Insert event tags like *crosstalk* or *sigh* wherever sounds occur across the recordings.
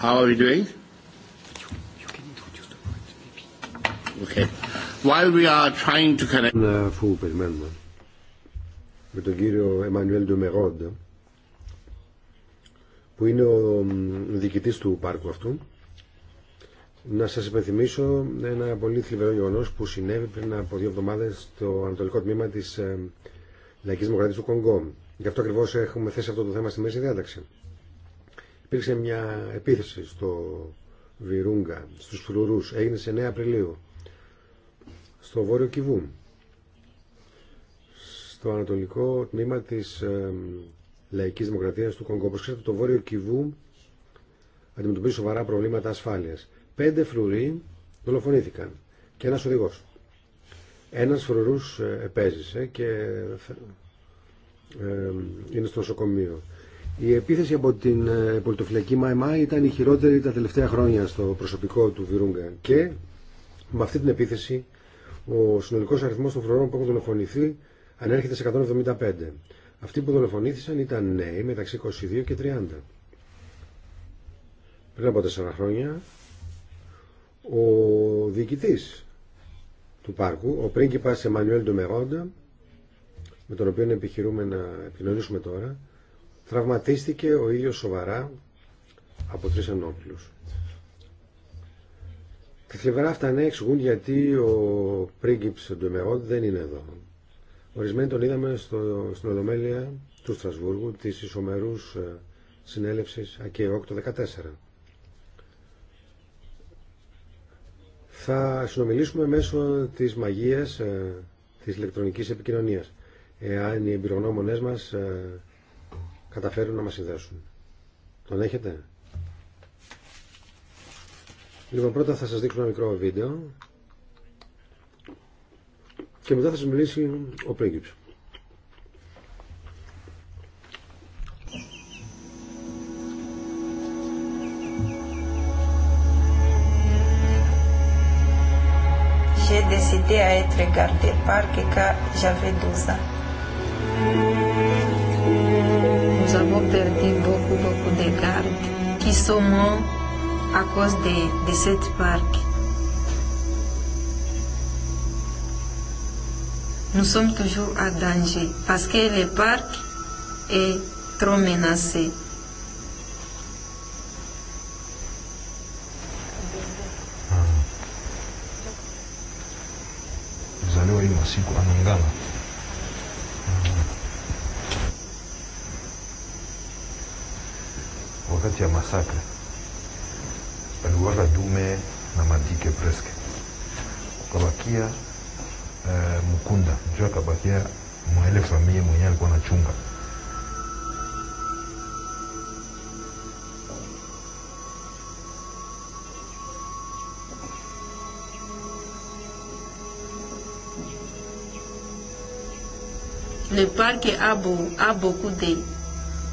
How are we doing? Okay. While we are trying to connect... Ναι, αφού περιμένουμε με τον κύριο Εμμανουέλ Ντομερόντ που είναι ο διοικητής του πάρκου αυτού να σας υπενθυμίσω ένα πολύ θλιβερό γεγονό που συνέβη πριν από δύο εβδομάδες στο ανατολικό τμήμα της ε, Λαϊκής Δημοκρατίας του Κονγκό. Γι' αυτό ακριβώς έχουμε θέσει αυτό το θέμα στη μέση διάταξη. Υπήρξε μια επίθεση στο Βιρούγκα, στους Φρουρούς. Έγινε σε 9 Απριλίου, στο Βόρειο Κιβού, στο ανατολικό τμήμα της ε, λαϊκής δημοκρατίας του Κονγκό. Όπως ξέρετε, το Βόρειο Κιβού αντιμετωπίζει σοβαρά προβλήματα ασφάλειας. Πέντε φρουροί δολοφονήθηκαν και ένας οδηγός. Ένας φρουρούς ε, επέζησε και ε, είναι στο νοσοκομείο. Η επίθεση από την ε, πολιτοφυλακή ΜΑΕΜΑ ήταν η χειρότερη τα τελευταία χρόνια στο προσωπικό του Βιρούγκα και με αυτή την επίθεση ο συνολικός αριθμός των φρουρών που έχουν δολοφονηθεί ανέρχεται σε 175. Αυτοί που δολοφονήθησαν ήταν νέοι μεταξύ 22 και 30. Πριν από 4 χρόνια ο διοικητή του πάρκου, ο πρίγκιπας Εμμανουέλ Ντομερόντα, με τον οποίο επιχειρούμε να επικοινωνήσουμε τώρα, Τραυματίστηκε ο ίδιος σοβαρά από τρεις ενόπλους. Τα θλιβερά αυτά νέα εξηγούν γιατί ο πρίγκιπς Ντομερόντ δεν είναι εδώ. Ορισμένοι τον είδαμε στο, στην Ολομέλεια του Στρασβούργου της ισομερούς ε, συνέλευσης ΑΚΕΟΚ το 2014. Θα συνομιλήσουμε μέσω της μαγείας ε, της ηλεκτρονικής επικοινωνίας. Εάν οι εμπειρογνώμονές μας ε, καταφέρουν να μας συνδέσουν. Τον έχετε? Λοιπόν, πρώτα θα σας δείξω ένα μικρό βίντεο και μετά θα σας μιλήσει ο πρίγκιψης. j'ai décidé à être gardé par Keka, j'avais 12 nous avons perdu beaucoup, beaucoup de gardes qui sont morts à cause de, de cette parc. Nous sommes toujours à danger parce que le parc est trop menacé. Mzaliwa hii τέτοια μασάκρα. Luogo Dume na Mandike Presque. Kabakia Mukunda. Kabakia mwele familia mwenye alikuwa chunga Le parc a, a beaucoup de,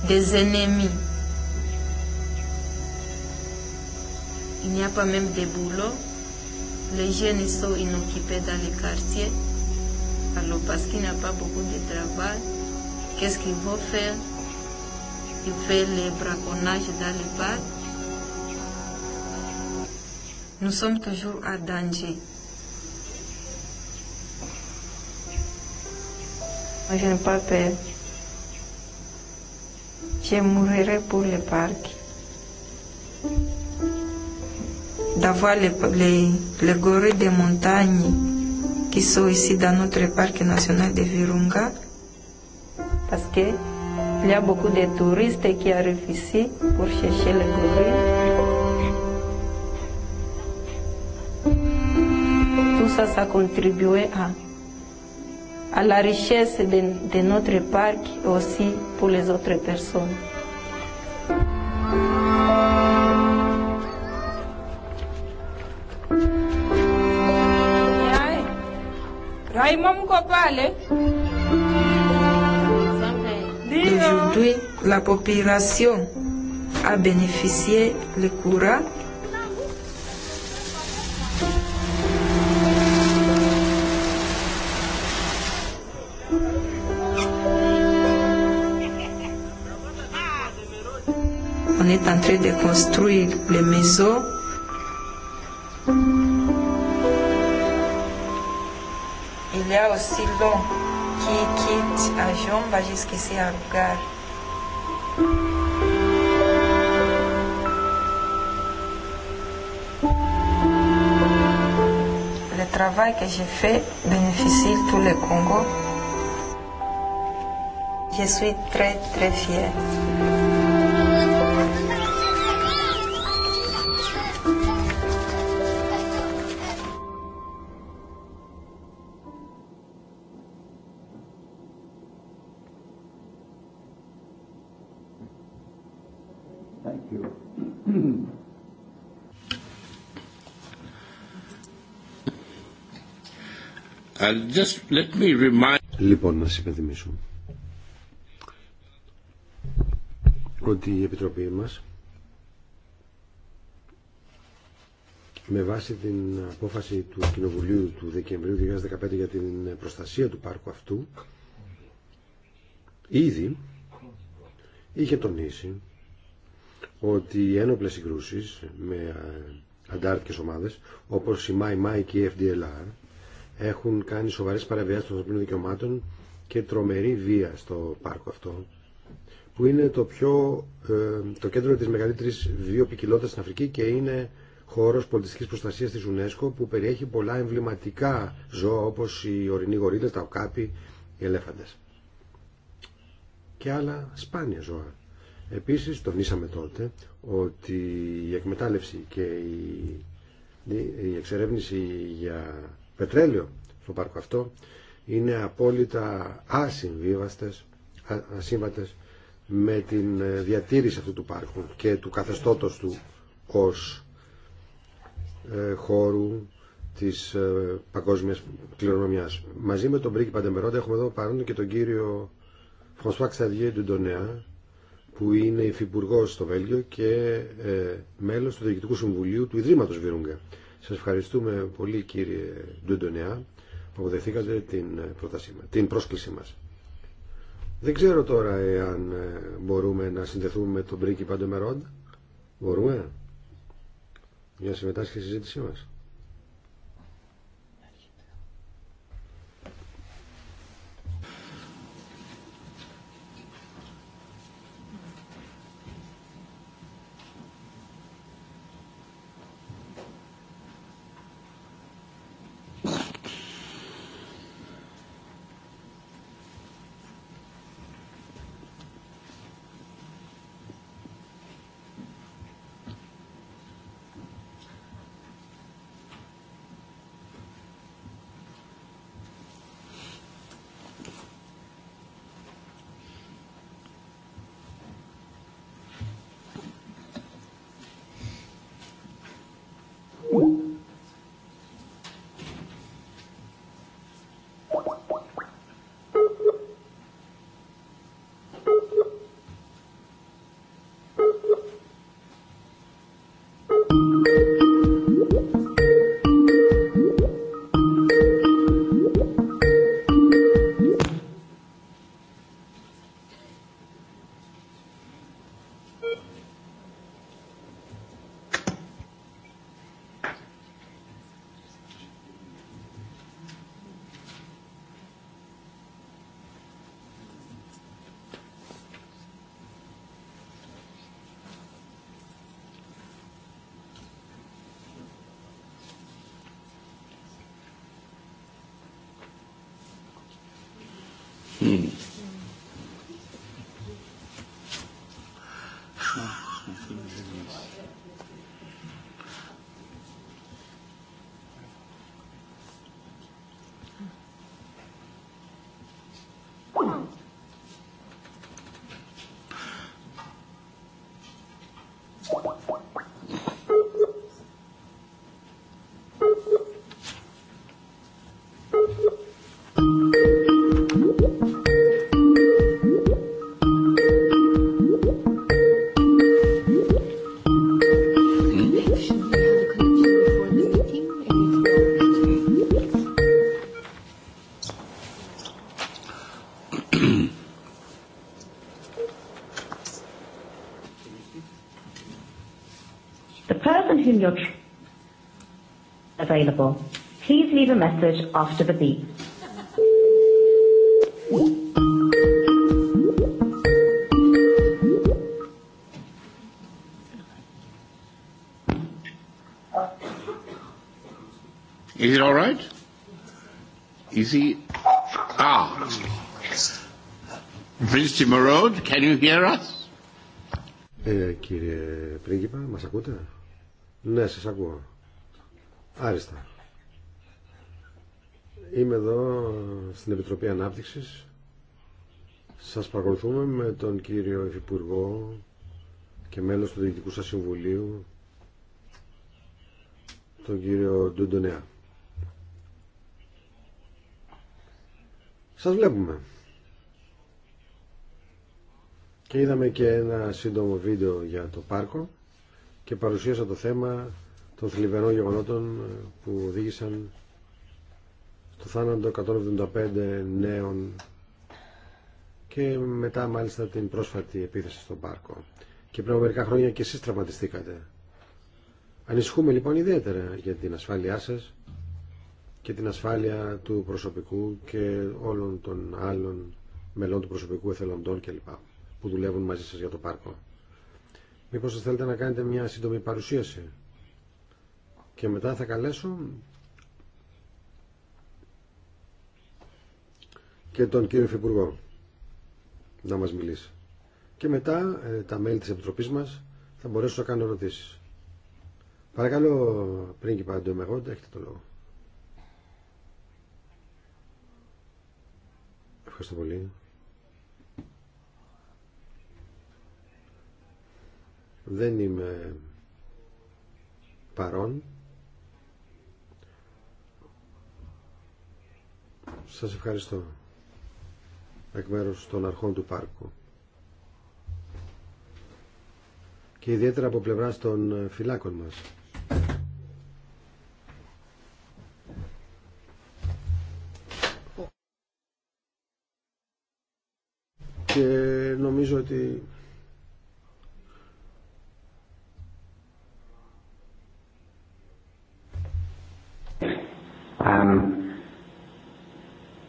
des ennemis. Il n'y a pas même de boulot, Les jeunes sont inoccupés dans les quartiers. Alors parce qu'il n'y a pas beaucoup de travail, qu'est-ce qu'ils vont faire Ils font les braconnages dans les parc. Nous sommes toujours à danger. Moi, je n'ai pas peur. Je mourrai pour le parc. davales, les, les gorées des montagnes qui sont ici dans notre parc national de Virunga, parce qu'il y a beaucoup de touristes qui arrivent ici pour chercher les gorilles. Tout ça, ça contribuait à, à la richesse de, de notre parc aussi pour les autres personnes. Ai, mamu ko pale. Aujourd'hui, la population a bénéficié le courant On est en train de construire les maisons aussi long qui quitte à va jusqu'ici à Le travail que j'ai fait bénéficie tout le Congo. Je suis très très fière. Λοιπόν, να σας υπενθυμίσω ότι η Επιτροπή μας με βάση την απόφαση του Κοινοβουλίου του Δεκεμβρίου 2015 για την προστασία του πάρκου αυτού ήδη είχε τονίσει ότι οι ένοπλες συγκρούσεις με αντάρτικες ομάδες όπως η ΜΑΙ-ΜΑΙ και η FDLR έχουν κάνει σοβαρέ παραβιάσεις των ανθρωπίνων δικαιωμάτων και τρομερή βία στο πάρκο αυτό που είναι το, πιο, ε, το κέντρο τη μεγαλύτερη βιοπικιλότητας στην Αφρική και είναι χώρο πολιτιστική προστασία τη UNESCO που περιέχει πολλά εμβληματικά ζώα όπω οι ορεινοί γορίλες, τα οκάπη, οι ελέφαντες και άλλα σπάνια ζώα. Επίση τονίσαμε τότε ότι η εκμετάλλευση και η, η εξερεύνηση για πετρέλαιο στο πάρκο αυτό είναι απόλυτα ασυμβίβαστες, ασύμβατες με την ε, διατήρηση αυτού του πάρκου και του καθεστώτος του ως ε, χώρου της ε, παγκόσμιας κληρονομιάς. Μαζί με τον Μπρίκη Παντεμπερόντα έχουμε εδώ παρόν και τον κύριο Φρανσουά Ξαδιέ Ντουντονέα που είναι υφυπουργό στο Βέλγιο και ε, μέλος του Διοικητικού Συμβουλίου του Ιδρύματος Βιρούγκα. Σας ευχαριστούμε πολύ κύριε Ντουντονεά που αποδεχθήκατε την, την πρόσκλησή μας. Δεν ξέρω τώρα εάν ε, μπορούμε να συνδεθούμε με τον πρίγκιπα Μερόντ. Μπορούμε Μια συμμετάσχει στη συζήτησή μας. a message after the beep. Is it all right? Is he? Ah. με Timorod, can you hear us? Ε, κύριε πρίγκιπα, μας ακούτε? Ναι, σας ακούω. Άριστα. Είμαι εδώ στην Επιτροπή Ανάπτυξης. Σας παρακολουθούμε με τον κύριο Υφυπουργό και μέλος του Διοικητικού σας Συμβουλίου, τον κύριο Ντουντονέα. Σας βλέπουμε. Και είδαμε και ένα σύντομο βίντεο για το πάρκο και παρουσίασα το θέμα των θλιβερών γεγονότων που οδήγησαν το θάνατο 175 νέων και μετά μάλιστα την πρόσφατη επίθεση στον πάρκο. Και πριν από μερικά χρόνια και εσείς τραυματιστήκατε. Ανησυχούμε λοιπόν ιδιαίτερα για την ασφάλειά σας και την ασφάλεια του προσωπικού και όλων των άλλων μελών του προσωπικού εθελοντών κλπ. που δουλεύουν μαζί σας για το πάρκο. Μήπως σας θέλετε να κάνετε μια σύντομη παρουσίαση και μετά θα καλέσω και τον κύριο Υφυπουργό να μας μιλήσει. Και μετά ε, τα μέλη της Επιτροπής μας θα μπορέσουν να κάνουν ερωτήσεις. Παρακαλώ, πριν και εγώ, έχετε το λόγο. Ευχαριστώ πολύ. Δεν είμαι παρόν. Σας ευχαριστώ εκ μέρους των αρχών του πάρκου. Και ιδιαίτερα από πλευράς των ε, φυλάκων μας. Και νομίζω ότι um.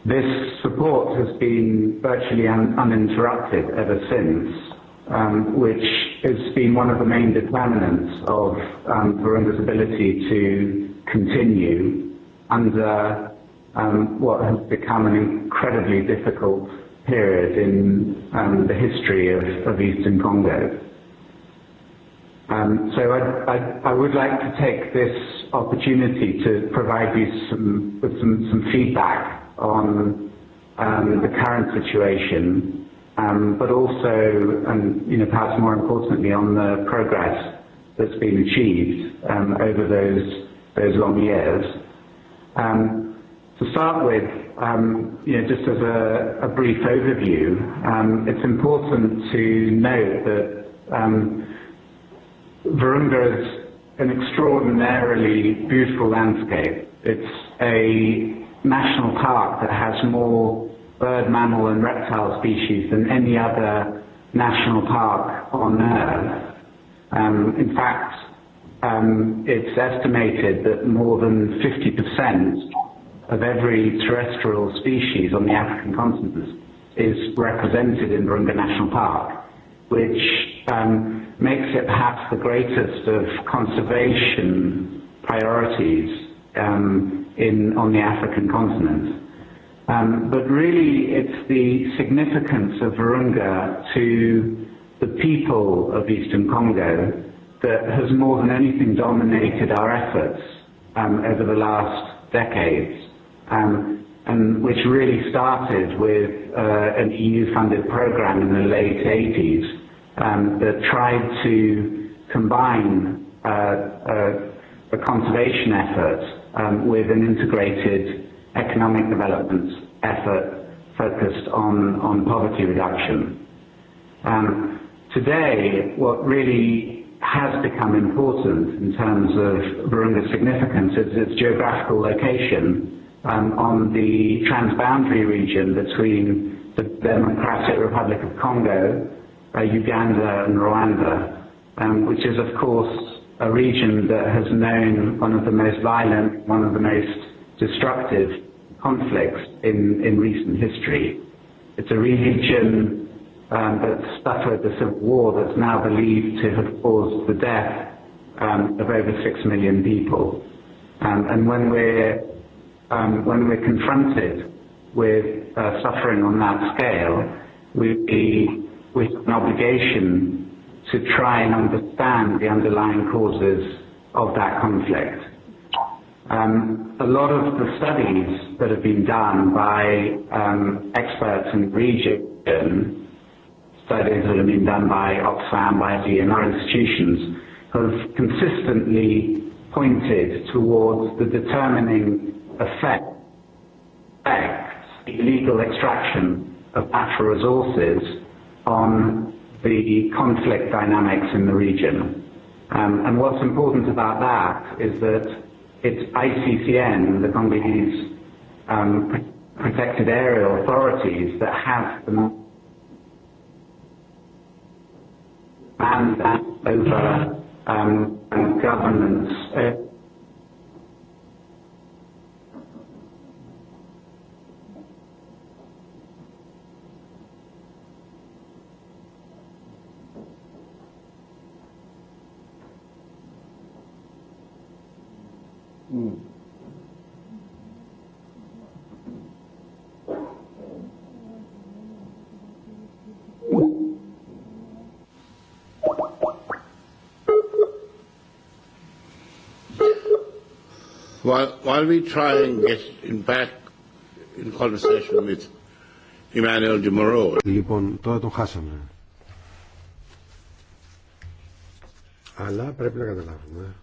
This support has been virtually uninterrupted ever since, which has been one of the main determinants of Burundi's ability to continue under what has become an incredibly difficult period in the history of, of Eastern Congo. Um, so I, I, I would like to take this opportunity to provide you some, with some, some feedback on um, the current situation, um, but also, and you know, perhaps more importantly, on the progress that's been achieved um, over those those long years. Um, to start with, um, you know, just as a, a brief overview, um, it's important to note that um, Virunga is an extraordinarily beautiful landscape. It's a national park that has more bird, mammal and reptile species than any other national park on Earth. Um, in fact, um, it's estimated that more than 50% of every terrestrial species on the African continent is represented in Burunga National Park, which um, makes it perhaps the greatest of conservation priorities um, in on the African continent. Um, but really, it's the significance of Virunga to the people of Eastern Congo that has more than anything dominated our efforts um, over the last decades, um, and which really started with uh, an EU-funded program in the late 80s um, that tried to combine uh, uh, the conservation efforts with an integrated economic development effort focused on on poverty reduction. Today, what really has become important in terms of Burundi's significance is its geographical location on the transboundary region between the Democratic Republic of Congo, Uganda and Rwanda, which is of course a region that has known one of the most violent, one of the most destructive conflicts in, in recent history. It's a region um, that suffered the civil war that's now believed to have caused the death um, of over six million people. Um, and when we're um, when we're confronted with uh, suffering on that scale, we we have an obligation to try and understand the underlying causes of that conflict. Um, a lot of the studies that have been done by um, experts in the region, studies that have been done by Oxfam, by the and other institutions, have consistently pointed towards the determining effect, effect illegal extraction of natural resources on the conflict dynamics in the region. And what's important about that is that it's ICCN, the Congolese um, protected area authorities, that have the ...and over um, governance While, while we try and get in back in conversation with Emmanuel de Moreau. Λοιπόν, τώρα τον χάσαμε. Αλλά πρέπει να καταλάβουμε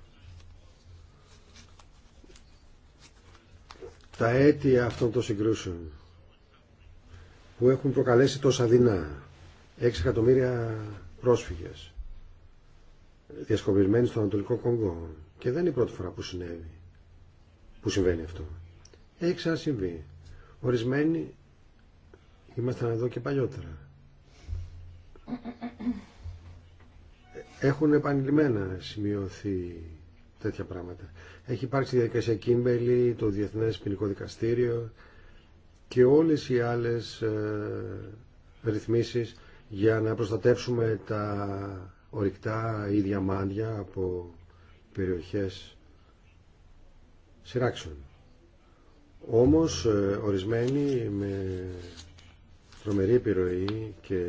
τα αίτια αυτών των συγκρούσεων που έχουν προκαλέσει τόσα δεινά 6 εκατομμύρια πρόσφυγες διασκοπισμένοι στο Ανατολικό Κονγκό και δεν είναι η πρώτη φορά που συνέβη που συμβαίνει αυτό έχει ξανασυμβεί ορισμένοι ήμασταν εδώ και παλιότερα έχουν επανειλημμένα σημειωθεί τέτοια πράγματα. Έχει υπάρξει η διαδικασία Κίμπελη, το Διεθνές Ποινικό Δικαστήριο και όλες οι άλλες ε, ρυθμίσεις για να προστατεύσουμε τα ορυκτά ή διαμάντια από περιοχές σειράξεων. Όμως ε, ορισμένοι με τρομερή επιρροή και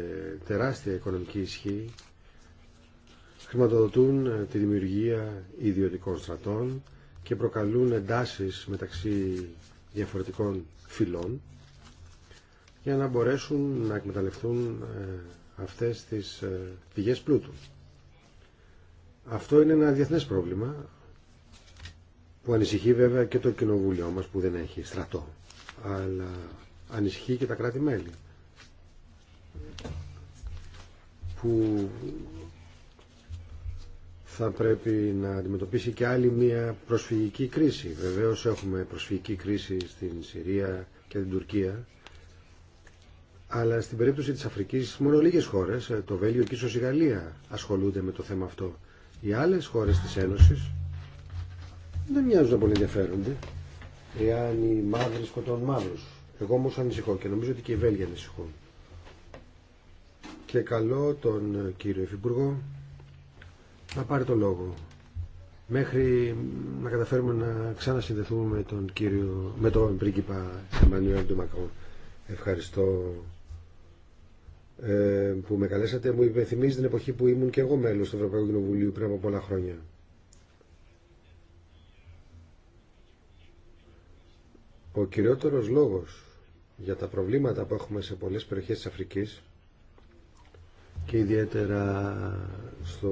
τεράστια οικονομική ισχύ χρηματοδοτούν ε, τη δημιουργία ιδιωτικών στρατών και προκαλούν εντάσεις μεταξύ διαφορετικών φυλών για να μπορέσουν να εκμεταλλευτούν ε, αυτές τις ε, πηγές πλούτου. Αυτό είναι ένα διεθνές πρόβλημα που ανησυχεί βέβαια και το κοινοβούλιο μας που δεν έχει στρατό αλλά ανησυχεί και τα κράτη-μέλη που θα πρέπει να αντιμετωπίσει και άλλη μια προσφυγική κρίση. Βεβαίως έχουμε προσφυγική κρίση στην Συρία και την Τουρκία. Αλλά στην περίπτωση της Αφρικής μόνο λίγες χώρες, ε, το Βέλγιο και ίσω η Γαλλία ασχολούνται με το θέμα αυτό. Οι άλλες χώρες της Ένωσης δεν μοιάζουν να πολύ ενδιαφέρονται εάν οι μαύροι σκοτώνουν Εγώ όμως ανησυχώ και νομίζω ότι και οι Βέλγοι ανησυχούν. Και καλό τον κύριο Υφυπουργό να πάρει το λόγο μέχρι να καταφέρουμε να ξανασυνδεθούμε με τον κύριο, με τον πρίγκιπα Εμμανουέλ του Ευχαριστώ ε, που με καλέσατε. Μου υπενθυμίζει την εποχή που ήμουν και εγώ μέλος του Ευρωπαϊκού Κοινοβουλίου πριν από πολλά χρόνια. Ο κυριότερος λόγος για τα προβλήματα που έχουμε σε πολλές περιοχές της Αφρικής και ιδιαίτερα στο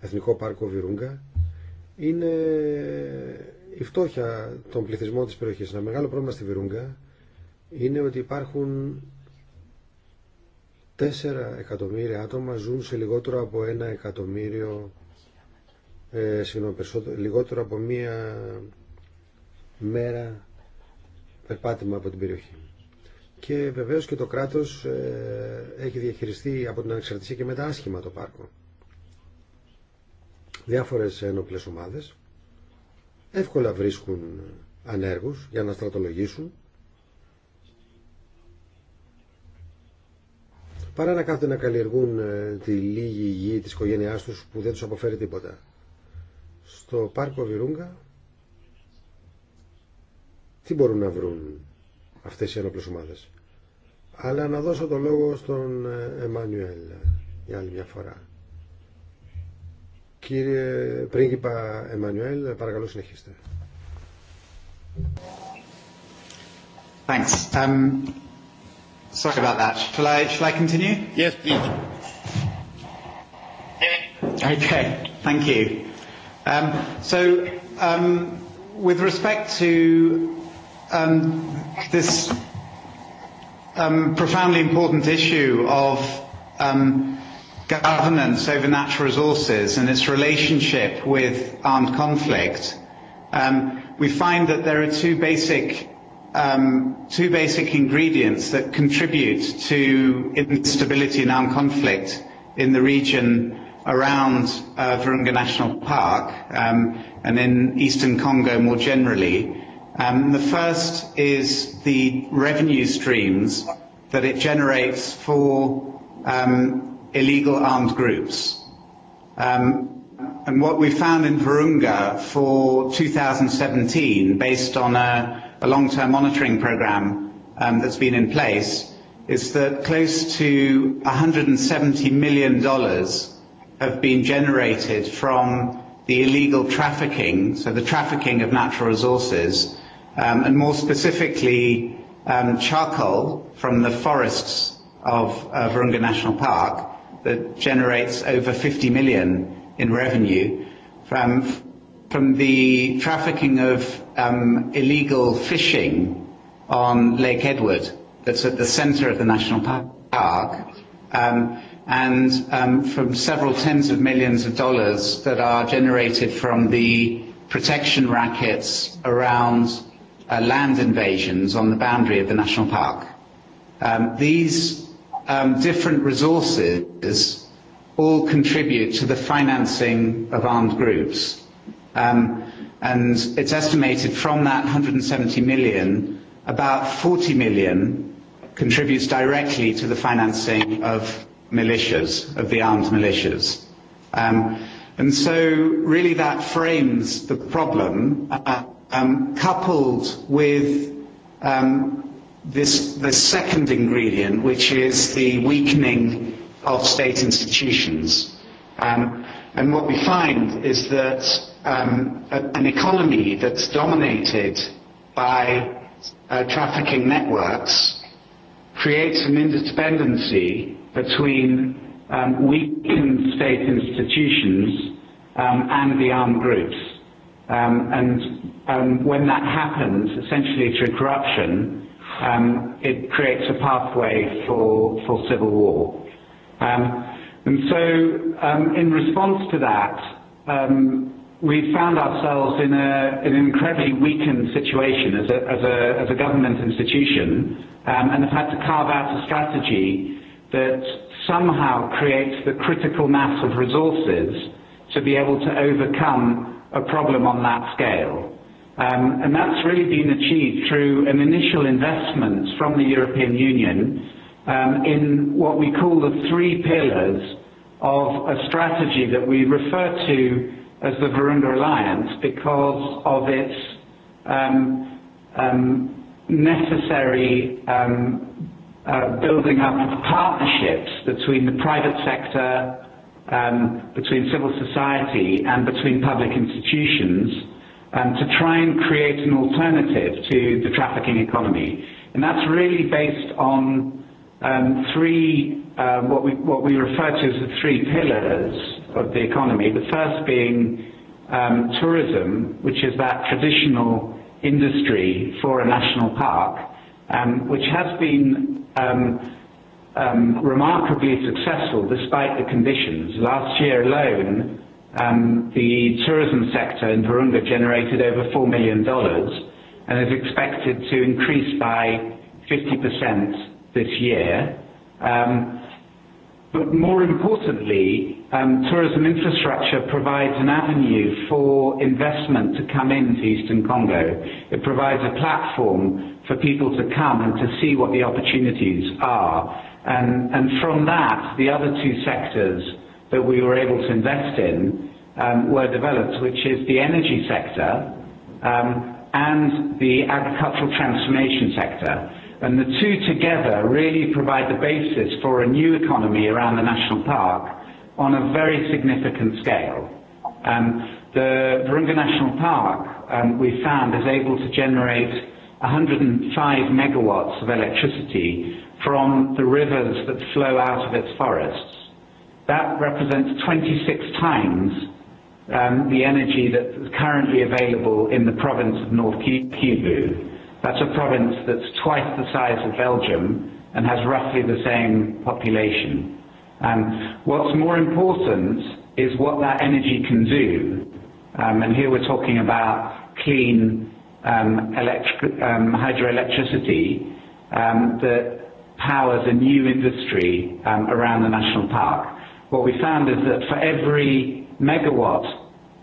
Εθνικό Πάρκο Βιρούγκα είναι η φτώχεια των πληθυσμών της περιοχής. Ένα μεγάλο πρόβλημα στη Βιρούγκα είναι ότι υπάρχουν 4 εκατομμύρια άτομα ζουν σε λιγότερο από ένα εκατομμύριο ε, λιγότερο από μία μέρα περπάτημα από την περιοχή. Και βεβαίως και το κράτος ε, έχει διαχειριστεί από την ανεξαρτησία και μετά άσχημα το πάρκο διάφορες ένοπλες ομάδες εύκολα βρίσκουν ανέργους για να στρατολογήσουν παρά να κάθονται να καλλιεργούν ε, τη λίγη γη της οικογένειάς τους που δεν τους αποφέρει τίποτα. Στο πάρκο Βιρούγκα τι μπορούν να βρουν αυτές οι ένοπλες ομάδες. Αλλά να δώσω το λόγο στον ε, Εμμάνιουελ για άλλη μια φορά. Κύριε Πρίγκιπα Εμμανουέλ, παρακαλώ συνεχίστε. Thanks. Um, sorry about that. Shall I, shall I continue? Yes, please. Okay, thank you. Um, so, um, with respect to um, this um, profoundly important issue of um, governance over natural resources and its relationship with armed conflict, we find that there are two basic two basic ingredients that contribute to instability and armed conflict in the region around Virunga National Park and in eastern Congo more generally. The first is the revenue streams that it generates for illegal armed groups. And what we found in Virunga for 2017, based on a long-term monitoring program that's been in place, is that close to $170 million dollars have been generated from the illegal trafficking, so the trafficking of natural resources, and more specifically charcoal from the forests of Virunga National Park that generates over 50 million in revenue from from the trafficking of um, illegal fishing on Lake Edward that's at the centre of the national park um, and um, from several tens of millions of dollars that are generated from the protection rackets around uh, land invasions on the boundary of the national park. Um, these um, different resources all contribute to the financing of armed groups. Um, and it's estimated from that 170 million, about 40 million contributes directly to the financing of militias, of the armed militias. Um, and so really that frames the problem, um, coupled with um, this the second ingredient, which is the weakening of state institutions. and what we find is that um, an economy that's dominated by trafficking networks creates an interdependency between um, weakened state institutions um, and the armed groups. Um, and when that happens, essentially through corruption, um, it creates a pathway for, for civil war. Um, and so um, in response to that, um, we found ourselves in, a, an incredibly weakened situation as a, as a, as a government institution um, and have had to carve out a strategy that somehow creates the critical mass of resources to be able to overcome a problem on that scale. And that's really been achieved through an initial investment from the European Union in what we call the three pillars of a strategy that we refer to as the Virunga Alliance because of its um, um, necessary um, building up of partnerships between the private sector, um, between civil society and between public institutions um, to try and create an alternative to the trafficking economy. And that's really based on um, three, um what, we, what we refer to as the three pillars of the economy. The first being um, tourism, which is that traditional industry for a national park, um, which has been um, um, remarkably successful despite the conditions. Last year alone, The tourism sector in Virunga generated over $4 million and is expected to increase by 50% this year. But more importantly, tourism infrastructure provides an avenue for investment to come into Eastern Congo. It provides a platform for people to come and to see what the opportunities are. And from that, the other two sectors that we were able to invest in were developed, which is the energy sector and the agricultural transformation sector. And the two together really provide the basis for a new economy around the national park on a very significant scale. the Virunga National Park, we found, is able to generate 105 megawatts of electricity from the rivers that flow out of its forests That represents 26 times um, the energy that's currently available in the province of North Kivu. That's a province that's twice the size of Belgium and has roughly the same population. And what's more important is what that energy can do. Um, and here we're talking about clean um, electric, um, hydroelectricity um, that powers a new industry um, around the national park what we found is that for every megawatt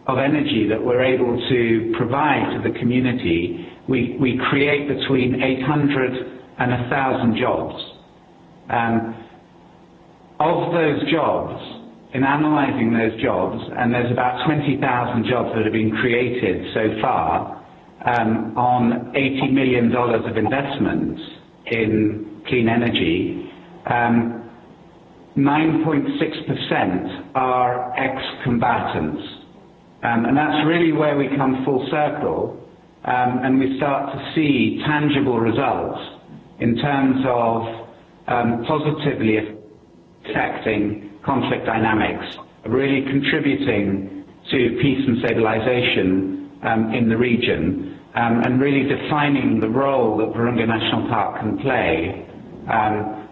of energy that we're able to provide to the community, we, we create between 800 and 1,000 jobs. Um, of those jobs, in analysing those jobs, and there's about 20,000 jobs that have been created so far um, on $80 million of investments in clean energy, um, 9.6% are ex-combatants. And that's really where we come full circle and we start to see tangible results in terms of positively affecting conflict dynamics, really contributing to peace and stabilization in the region and really defining the role that Virunga National Park can play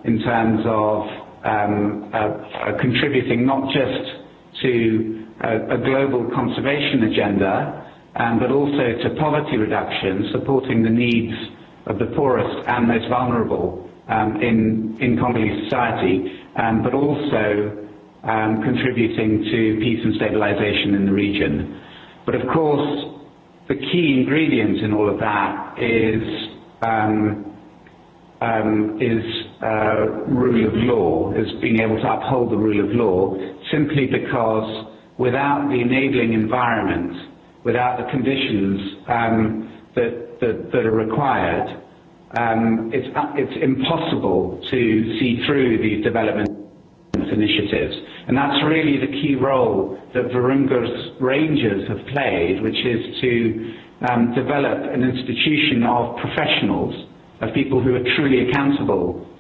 in terms of um, contributing not just to a, global conservation agenda, and but also to poverty reduction, supporting the needs of the poorest and most vulnerable um, in, in Congolese society, and but also um, contributing to peace and stabilization in the region. But of course, the key ingredient in all of that is um, um, is rule of law, as being able to uphold the rule of law, simply because without the enabling environment, without the conditions um, that, that, that are required, um, it's, it's impossible to see through these development initiatives. And that's really the key role that Virunga's Rangers have played, which is to um, develop an institution of professionals, of people who are truly accountable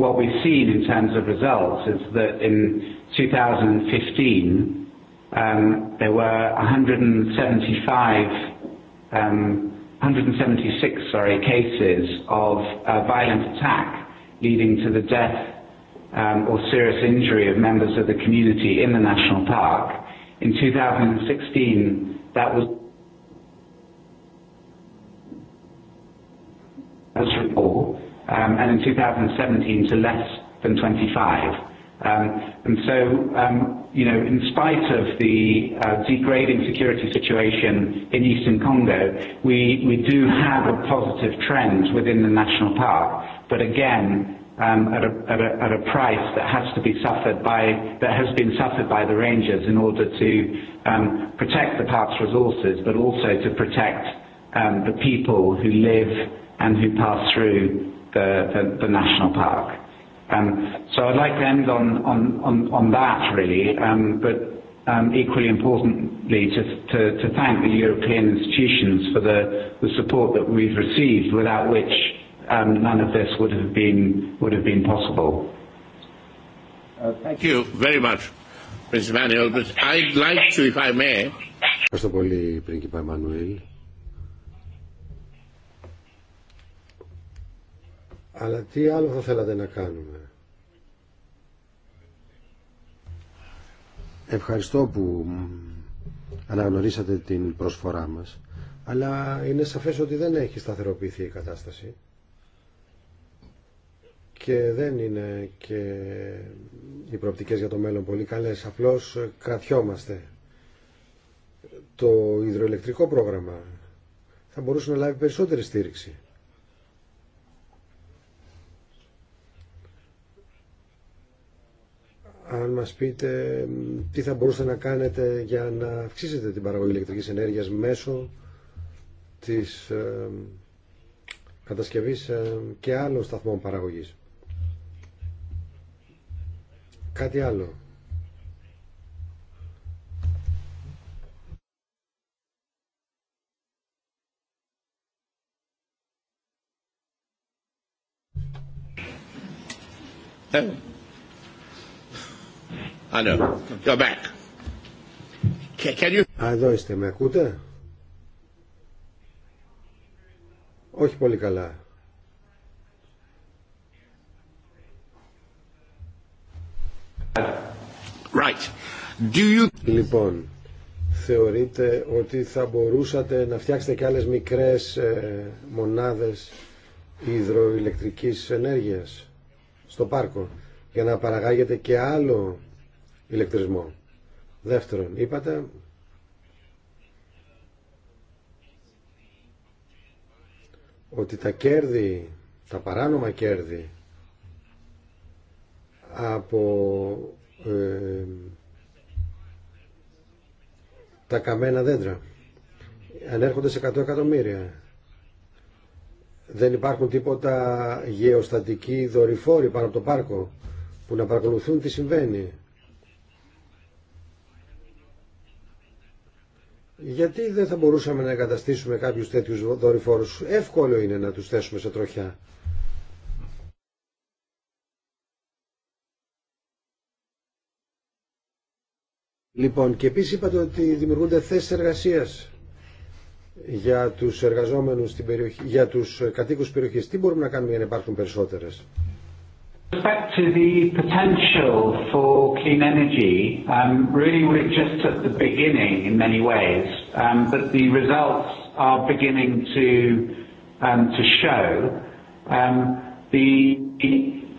what we've seen in terms of results is that in 2015 um, there were 175, um, 176, sorry, cases of violent attack leading to the death um, or serious injury of members of the community in the national park. In 2016, that was was and in 2017 to less than 25. And so, you know, in spite of the degrading security situation in eastern Congo, we we do have a positive trend within the national park, but again, at a at a price that has to be suffered by that has been suffered by the rangers in order to protect the park's resources, but also to protect the people who live and who pass through the, the, the national park. Um, so I'd like to end on, on, on, on that really, um, but um, equally importantly to, to, to thank the European institutions for the, the support that we've received without which um, none of this would have been, would have been possible. thank you very much, Mr. Manuel, but I'd like to, if I may. Ευχαριστώ πολύ, Prince Αλλά τι άλλο θα θέλατε να κάνουμε. Ευχαριστώ που αναγνωρίσατε την προσφορά μας. Αλλά είναι σαφές ότι δεν έχει σταθεροποιηθεί η κατάσταση. Και δεν είναι και οι προοπτικές για το μέλλον πολύ καλές. Απλώς κρατιόμαστε. Το υδροελεκτρικό πρόγραμμα θα μπορούσε να λάβει περισσότερη στήριξη. αν μας πείτε τι θα μπορούσατε να κάνετε για να αυξήσετε την παραγωγή ηλεκτρικής ενέργειας μέσω της ε, κατασκευής ε, και άλλων σταθμών παραγωγής. Κάτι άλλο. Ε, Α, εδώ είστε, με ακούτε? Όχι πολύ καλά. Right. Do you... Λοιπόν, θεωρείτε ότι θα μπορούσατε να φτιάξετε και άλλες μικρές ε, μονάδες υδροηλεκτρικής ενέργειας στο πάρκο για να παραγάγετε και άλλο ηλεκτρισμό. Δεύτερον, είπατε ότι τα κέρδη, τα παράνομα κέρδη από ε, τα καμένα δέντρα ανέρχονται σε 100 εκατομμύρια. Δεν υπάρχουν τίποτα γεωστατικοί δορυφόροι πάνω από το πάρκο που να παρακολουθούν τι συμβαίνει. Γιατί δεν θα μπορούσαμε να εγκαταστήσουμε κάποιους τέτοιους δορυφόρους. Εύκολο είναι να τους θέσουμε σε τροχιά. Λοιπόν, και επίσης είπατε ότι δημιουργούνται θέσεις εργασίας για τους εργαζόμενους στην περιοχή, για τους κατοίκους περιοχής. Τι μπορούμε να κάνουμε για να υπάρχουν περισσότερες respect to the potential for clean energy, um, really we're just at the beginning in many ways, um, but the results are beginning to um, to show. Um, the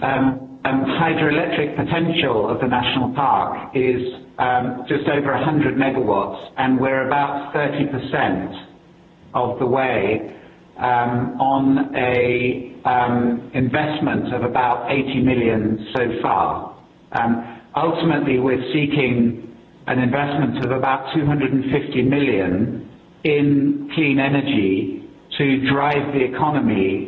um, um, hydroelectric potential of the national park is um, just over 100 megawatts, and we're about 30% of the way on an investment of about 80 million so far. Ultimately, we're seeking an investment of about 250 million in clean energy to drive the economy.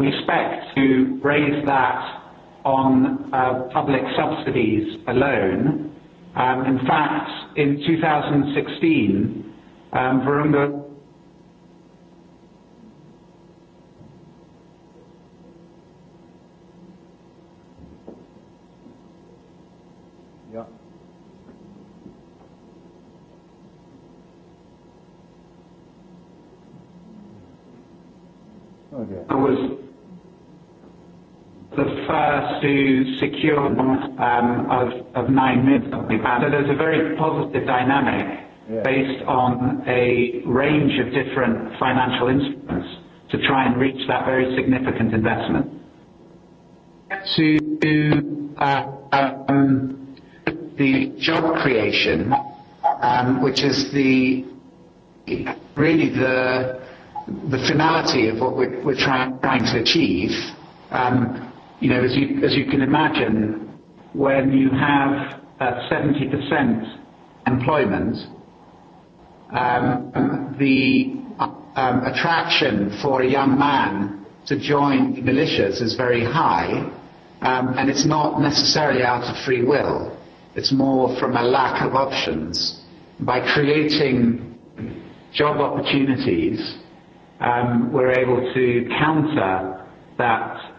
We expect to raise that on public subsidies alone. Um, in fact, in 2016, um, Virunga Yeah. Okay. was The first to secure um, of, of nine million So there's a very positive dynamic based on a range of different financial instruments to try and reach that very significant investment. To um, the job creation, um, which is the really the the finality of what we're, we're trying, trying to achieve. Um, As you can imagine, when you have 70% employment, the attraction for a young man to join the militias is very high, and it's not necessarily out of free will. It's more from a lack of options. By creating job opportunities, we're able to counter that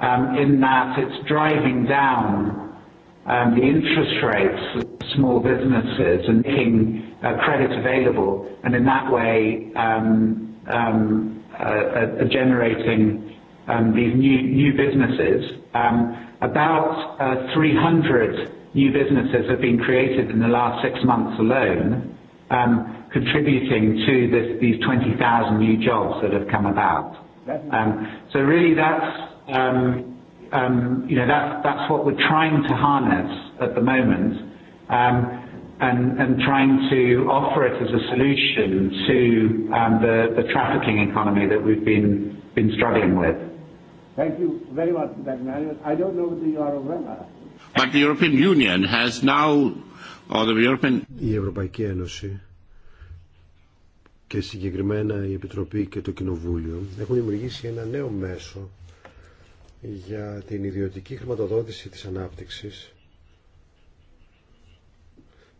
in that it's driving down the interest rates of small businesses and making credit available, and in that way, generating these new new businesses. About 300 new businesses have been created in the last six months alone, contributing to these 20,000 new jobs that have come about. So Really that's um, um, you know, that, that's what we're trying to harness at the moment um, and, and trying to offer it as a solution to um, the, the trafficking economy that we've been, been struggling with. Thank you very much, I don't know whether you are aware. But the European Union has now, or the European... Η Ευρωπαϊκή Ένωση και συγκεκριμένα η Επιτροπή και το Κοινοβούλιο έχουν δημιουργήσει ένα νέο μέσο για την ιδιωτική χρηματοδότηση της ανάπτυξης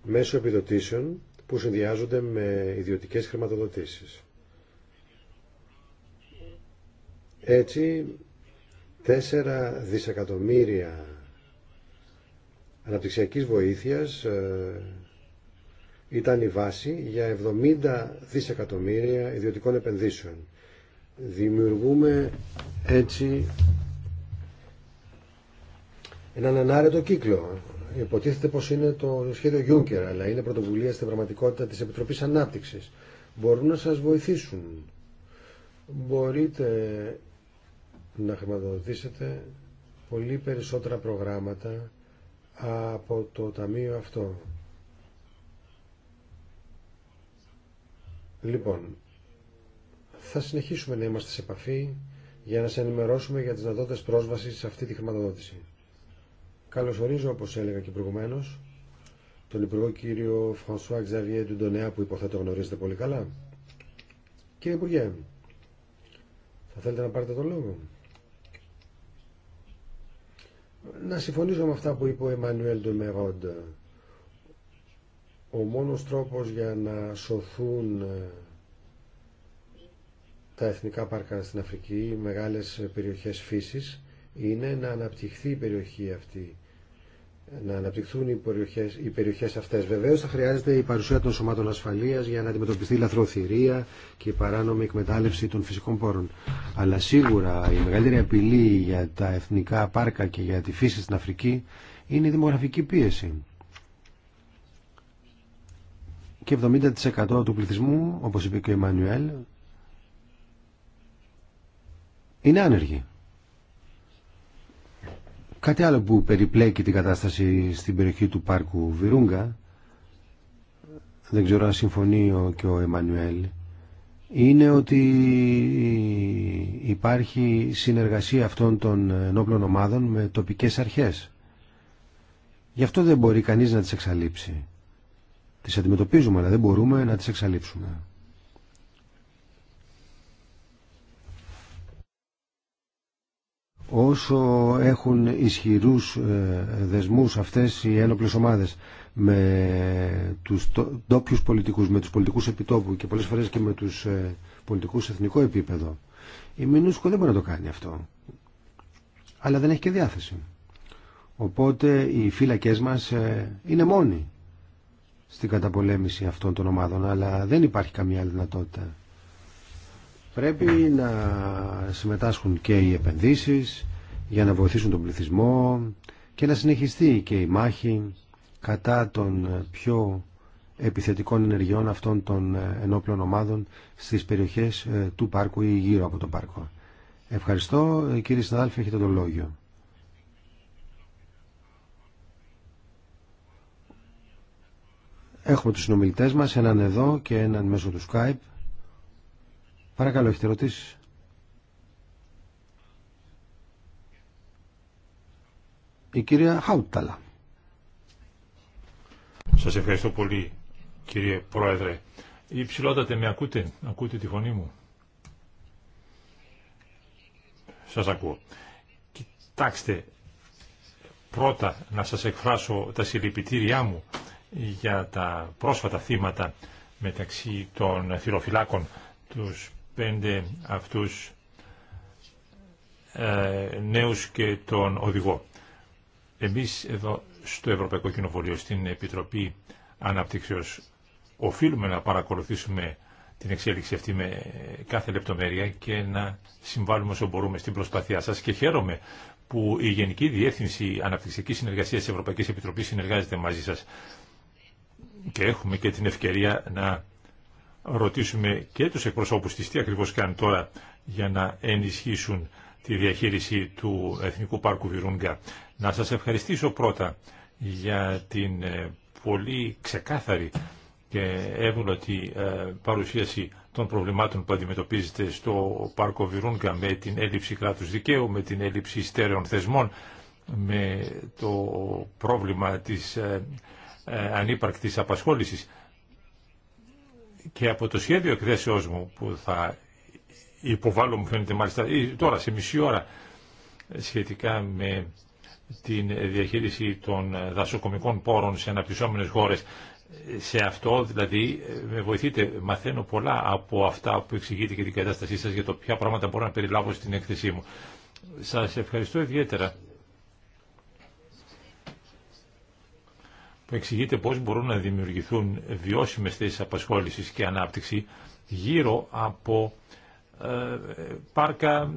μέσω επιδοτήσεων που συνδυάζονται με ιδιωτικές χρηματοδοτήσεις. Έτσι, 4 δισεκατομμύρια αναπτυξιακής βοήθειας ε, ήταν η βάση για 70 δισεκατομμύρια ιδιωτικών επενδύσεων. Δημιουργούμε έτσι έναν ενάρετο κύκλο. Υποτίθεται πώ είναι το σχέδιο Juncker, αλλά είναι πρωτοβουλία στην πραγματικότητα της Επιτροπή Ανάπτυξης. Μπορούν να σας βοηθήσουν. Μπορείτε να χρηματοδοτήσετε πολύ περισσότερα προγράμματα από το Ταμείο αυτό. Λοιπόν, θα συνεχίσουμε να είμαστε σε επαφή για να σε ενημερώσουμε για τις δυνατότητες πρόσβασης σε αυτή τη χρηματοδότηση. Καλωσορίζω, όπως έλεγα και προηγουμένως, τον Υπουργό κύριο Φρανσουά Ξαβιέ Ντουντονέα που υποθέτω γνωρίζετε πολύ καλά. Κύριε Υπουργέ, θα θέλετε να πάρετε τον λόγο. Να συμφωνήσω με αυτά που είπε ο Εμμανουέλ Ντομερόντ. Ο μόνος τρόπος για να σωθούν ε, τα εθνικά πάρκα στην Αφρική, μεγάλες περιοχές φύσης, είναι να αναπτυχθεί η περιοχή αυτή να αναπτυχθούν οι περιοχές, οι περιοχές αυτές. Βεβαίως θα χρειάζεται η παρουσία των σωμάτων ασφαλείας για να αντιμετωπιστεί η λαθροθυρία και η παράνομη εκμετάλλευση των φυσικών πόρων. Αλλά σίγουρα η μεγαλύτερη απειλή για τα εθνικά πάρκα και για τη φύση στην Αφρική είναι η δημογραφική πίεση. Και 70% του πληθυσμού, όπως είπε και ο Εμμανουέλ, είναι άνεργοι. Κάτι άλλο που περιπλέκει την κατάσταση στην περιοχή του πάρκου Βιρούγκα, δεν ξέρω αν συμφωνεί και ο Εμμανουέλ, είναι ότι υπάρχει συνεργασία αυτών των ενόπλων ομάδων με τοπικές αρχές. Γι' αυτό δεν μπορεί κανείς να τις εξαλείψει. Τις αντιμετωπίζουμε, αλλά δεν μπορούμε να τις εξαλείψουμε. Όσο έχουν ισχυρούς ε, δεσμούς αυτές οι ένοπλες ομάδες με τους ντόπιου πολιτικούς, με τους πολιτικούς επιτόπου και πολλές φορές και με τους ε, πολιτικούς σε εθνικό επίπεδο, η Μινούσκο δεν μπορεί να το κάνει αυτό. Αλλά δεν έχει και διάθεση. Οπότε οι φύλακές μας ε, είναι μόνοι στην καταπολέμηση αυτών των ομάδων, αλλά δεν υπάρχει καμία δυνατότητα. Πρέπει να συμμετάσχουν και οι επενδύσεις για να βοηθήσουν τον πληθυσμό και να συνεχιστεί και η μάχη κατά των πιο επιθετικών ενεργειών αυτών των ενόπλων ομάδων στις περιοχές ε, του πάρκου ή γύρω από το πάρκο. Ευχαριστώ. Ε, κύριε συνάδελφε, έχετε το λόγιο. Έχουμε τους συνομιλητές μας, έναν εδώ και έναν μέσω του Skype. Παρακαλώ, έχετε Η κυρία Χάουταλα. Σας ευχαριστώ πολύ, κύριε Πρόεδρε. Υψηλότατε, με ακούτε, ακούτε τη φωνή μου. Σας ακούω. Κοιτάξτε, πρώτα να σας εκφράσω τα συλληπιτήριά μου για τα πρόσφατα θύματα μεταξύ των θηροφυλάκων, τους πέντε αυτούς ε, νέους και τον οδηγό. Εμείς εδώ στο Ευρωπαϊκό Κοινοβουλίο, στην Επιτροπή Αναπτύξεως, οφείλουμε να παρακολουθήσουμε την εξέλιξη αυτή με κάθε λεπτομέρεια και να συμβάλλουμε όσο μπορούμε στην προσπάθειά σας και χαίρομαι που η Γενική Διεύθυνση Αναπτυξιακής Συνεργασίας της Ευρωπαϊκής Επιτροπής συνεργάζεται μαζί σας και έχουμε και την ευκαιρία να ρωτήσουμε και τους εκπροσώπους της τι ακριβώς κάνουν τώρα για να ενισχύσουν τη διαχείριση του Εθνικού Πάρκου Βιρούγκα. Να σας ευχαριστήσω πρώτα για την ε, πολύ ξεκάθαρη και εύγλωτη ε, παρουσίαση των προβλημάτων που αντιμετωπίζετε στο Πάρκο Βιρούγκα με την έλλειψη κράτους δικαίου, με την έλλειψη στέρεων θεσμών, με το πρόβλημα της ε, ανύπαρκτης απασχόλησης και από το σχέδιο εκθέσεώ μου που θα υποβάλλω μου φαίνεται μάλιστα τώρα σε μισή ώρα σχετικά με την διαχείριση των δασοκομικών πόρων σε αναπτυσσόμενες χώρες. Σε αυτό δηλαδή με βοηθείτε, μαθαίνω πολλά από αυτά που εξηγείτε και την κατάστασή σας για το ποια πράγματα μπορώ να περιλάβω στην έκθεσή μου. Σας ευχαριστώ ιδιαίτερα. εξηγείται εξηγείτε πώς μπορούν να δημιουργηθούν βιώσιμες θέσεις απασχόλησης και ανάπτυξη γύρω από ε, πάρκα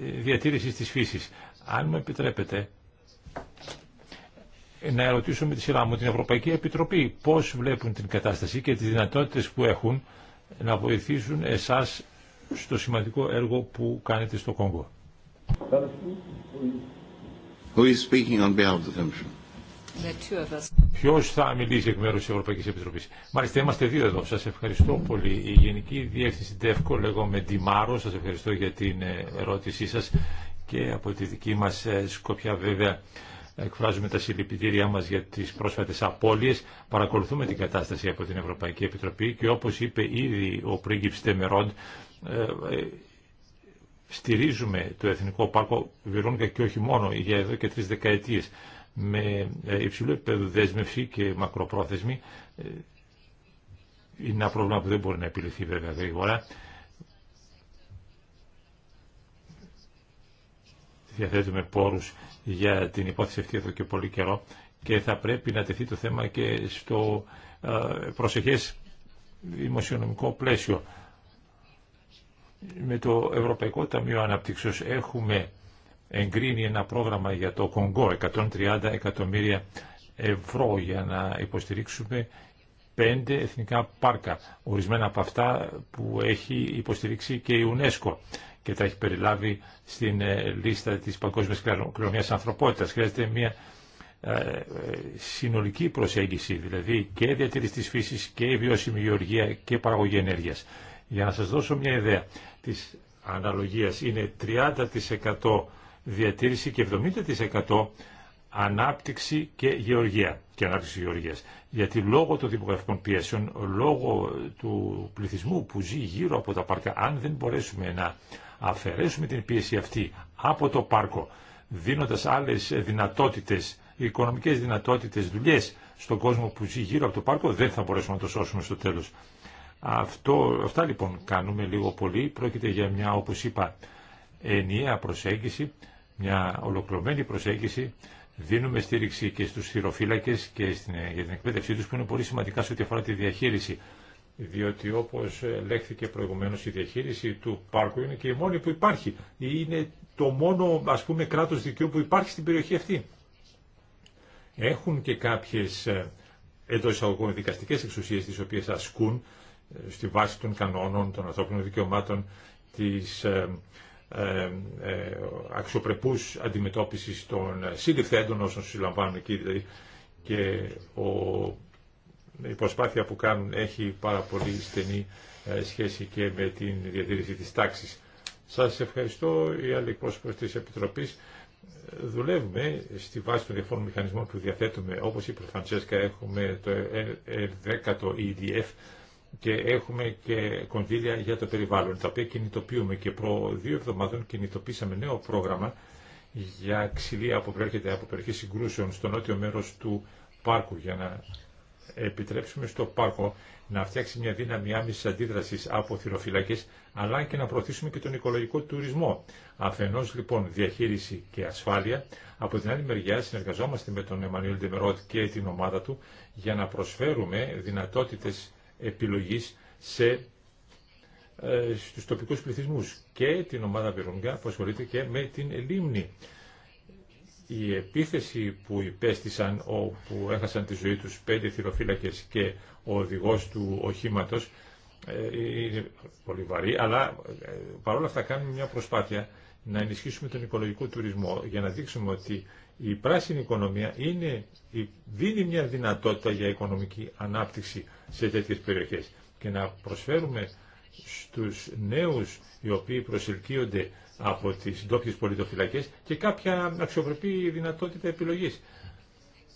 ε, διατήρησης της φύσης. Αν μου επιτρέπετε να ερωτήσω με τη σειρά μου την Ευρωπαϊκή Επιτροπή πώς βλέπουν την κατάσταση και τις δυνατότητες που έχουν να βοηθήσουν εσάς στο σημαντικό έργο που κάνετε στο Κόγκο. Who speaking on behalf of the Ποιο θα μιλήσει εκ μέρου τη Ευρωπαϊκή Επιτροπή. Μάλιστα, είμαστε δύο εδώ. Σα ευχαριστώ πολύ. Η Γενική Διεύθυνση ΤΕΦΚΟ, λέγομαι Ντιμάρο. Σα ευχαριστώ για την ε, ερώτησή σα και από τη δική μα ε, σκοπιά, βέβαια, εκφράζουμε τα συλληπιτήριά μα για τι πρόσφατε απώλειε. Παρακολουθούμε την κατάσταση από την Ευρωπαϊκή Επιτροπή και όπω είπε ήδη ο πρίγκιπ Τεμερόντ, ε, στηρίζουμε το Εθνικό Πάρκο Βιρόνικα και όχι μόνο για εδώ και τρει δεκαετίε με ε, υψηλό επίπεδο δέσμευση και μακροπρόθεσμη. Ε, είναι ένα πρόβλημα που δεν μπορεί να επιληθεί βέβαια γρήγορα. Διαθέτουμε πόρους για την υπόθεση αυτή εδώ και πολύ καιρό και θα πρέπει να τεθεί το θέμα και στο ε, προσεχές δημοσιονομικό πλαίσιο. Με το Ευρωπαϊκό Ταμείο Αναπτύξεως έχουμε εγκρίνει ένα πρόγραμμα για το Κονγκό 130 εκατομμύρια ευρώ για να υποστηρίξουμε πέντε εθνικά πάρκα, ορισμένα από αυτά που έχει υποστηρίξει και η UNESCO και τα έχει περιλάβει στην ε, λίστα της Παγκόσμιας Κληρονομιάς Ανθρωπότητας. Χρειάζεται μια ε, ε, συνολική προσέγγιση, δηλαδή και διατήρηση της φύσης και βιώσιμη γεωργία και παραγωγή ενέργειας. Για να σας δώσω μια ιδέα της αναλογίας, είναι 30% διατήρηση και 70% ανάπτυξη και γεωργία και ανάπτυξη γεωργίας. Γιατί λόγω των δημογραφικών πιέσεων, λόγω του πληθυσμού που ζει γύρω από τα πάρκα, αν δεν μπορέσουμε να αφαιρέσουμε την πίεση αυτή από το πάρκο, δίνοντας άλλες δυνατότητες, οικονομικές δυνατότητες, δουλειές στον κόσμο που ζει γύρω από το πάρκο, δεν θα μπορέσουμε να το σώσουμε στο τέλος. αυτά λοιπόν κάνουμε λίγο πολύ. Πρόκειται για μια, όπως είπα, ενιαία προσέγγιση μια ολοκληρωμένη προσέγγιση. Δίνουμε στήριξη και στους θηροφύλακες και στην, για την εκπαίδευσή τους που είναι πολύ σημαντικά σε ό,τι αφορά τη διαχείριση. Διότι όπως λέχθηκε προηγουμένως η διαχείριση του πάρκου είναι και η μόνη που υπάρχει. Είναι το μόνο ας πούμε κράτος δικαίου που υπάρχει στην περιοχή αυτή. Έχουν και κάποιες ε, εντό εισαγωγών δικαστικέ εξουσίε τι οποίε ασκούν ε, στη βάση των κανόνων των ανθρώπινων δικαιωμάτων, ε, ε, ε, αξιοπρεπούς αντιμετώπισης των συλληφθέντων όσων συλλαμβάνουν εκεί δηλαδή, και ο, η προσπάθεια που κάνουν έχει πάρα πολύ στενή ε, σχέση και με την διατήρηση της τάξης. Σας ευχαριστώ οι άλλοι εκπρόσωποι της Επιτροπής. Δουλεύουμε στη βάση των διαφόρων μηχανισμών που διαθέτουμε. Όπως είπε η Φραντσέσκα έχουμε το 10ο EDF και έχουμε και κονδύλια για το περιβάλλον, τα οποία κινητοποιούμε και προ δύο εβδομάδων κινητοποίησαμε νέο πρόγραμμα για ξυλία που προέρχεται από περιοχή συγκρούσεων στο νότιο μέρος του πάρκου για να επιτρέψουμε στο πάρκο να φτιάξει μια δύναμη άμεση αντίδραση από θηροφυλακέ, αλλά και να προωθήσουμε και τον οικολογικό τουρισμό. Αφενό λοιπόν διαχείριση και ασφάλεια. Από την άλλη μεριά συνεργαζόμαστε με τον Εμμανουέλ Ντεμερότ και την ομάδα του για να προσφέρουμε δυνατότητε επιλογής σε, ε, στους τοπικούς πληθυσμούς και την ομάδα Βερονγκά που ασχολείται και με την λίμνη. Η επίθεση που υπέστησαν όπου έχασαν τη ζωή τους πέντε θηροφύλακες και ο οδηγός του οχήματος ε, είναι πολύ βαρύ, αλλά ε, παρόλα αυτά κάνουμε μια προσπάθεια να ενισχύσουμε τον οικολογικό τουρισμό για να δείξουμε ότι η πράσινη οικονομία είναι, δίνει μια δυνατότητα για οικονομική ανάπτυξη σε τέτοιες περιοχές και να προσφέρουμε στους νέους οι οποίοι προσελκύονται από τις ντόπιες πολιτοφυλακές και κάποια αξιοπρεπή δυνατότητα επιλογής.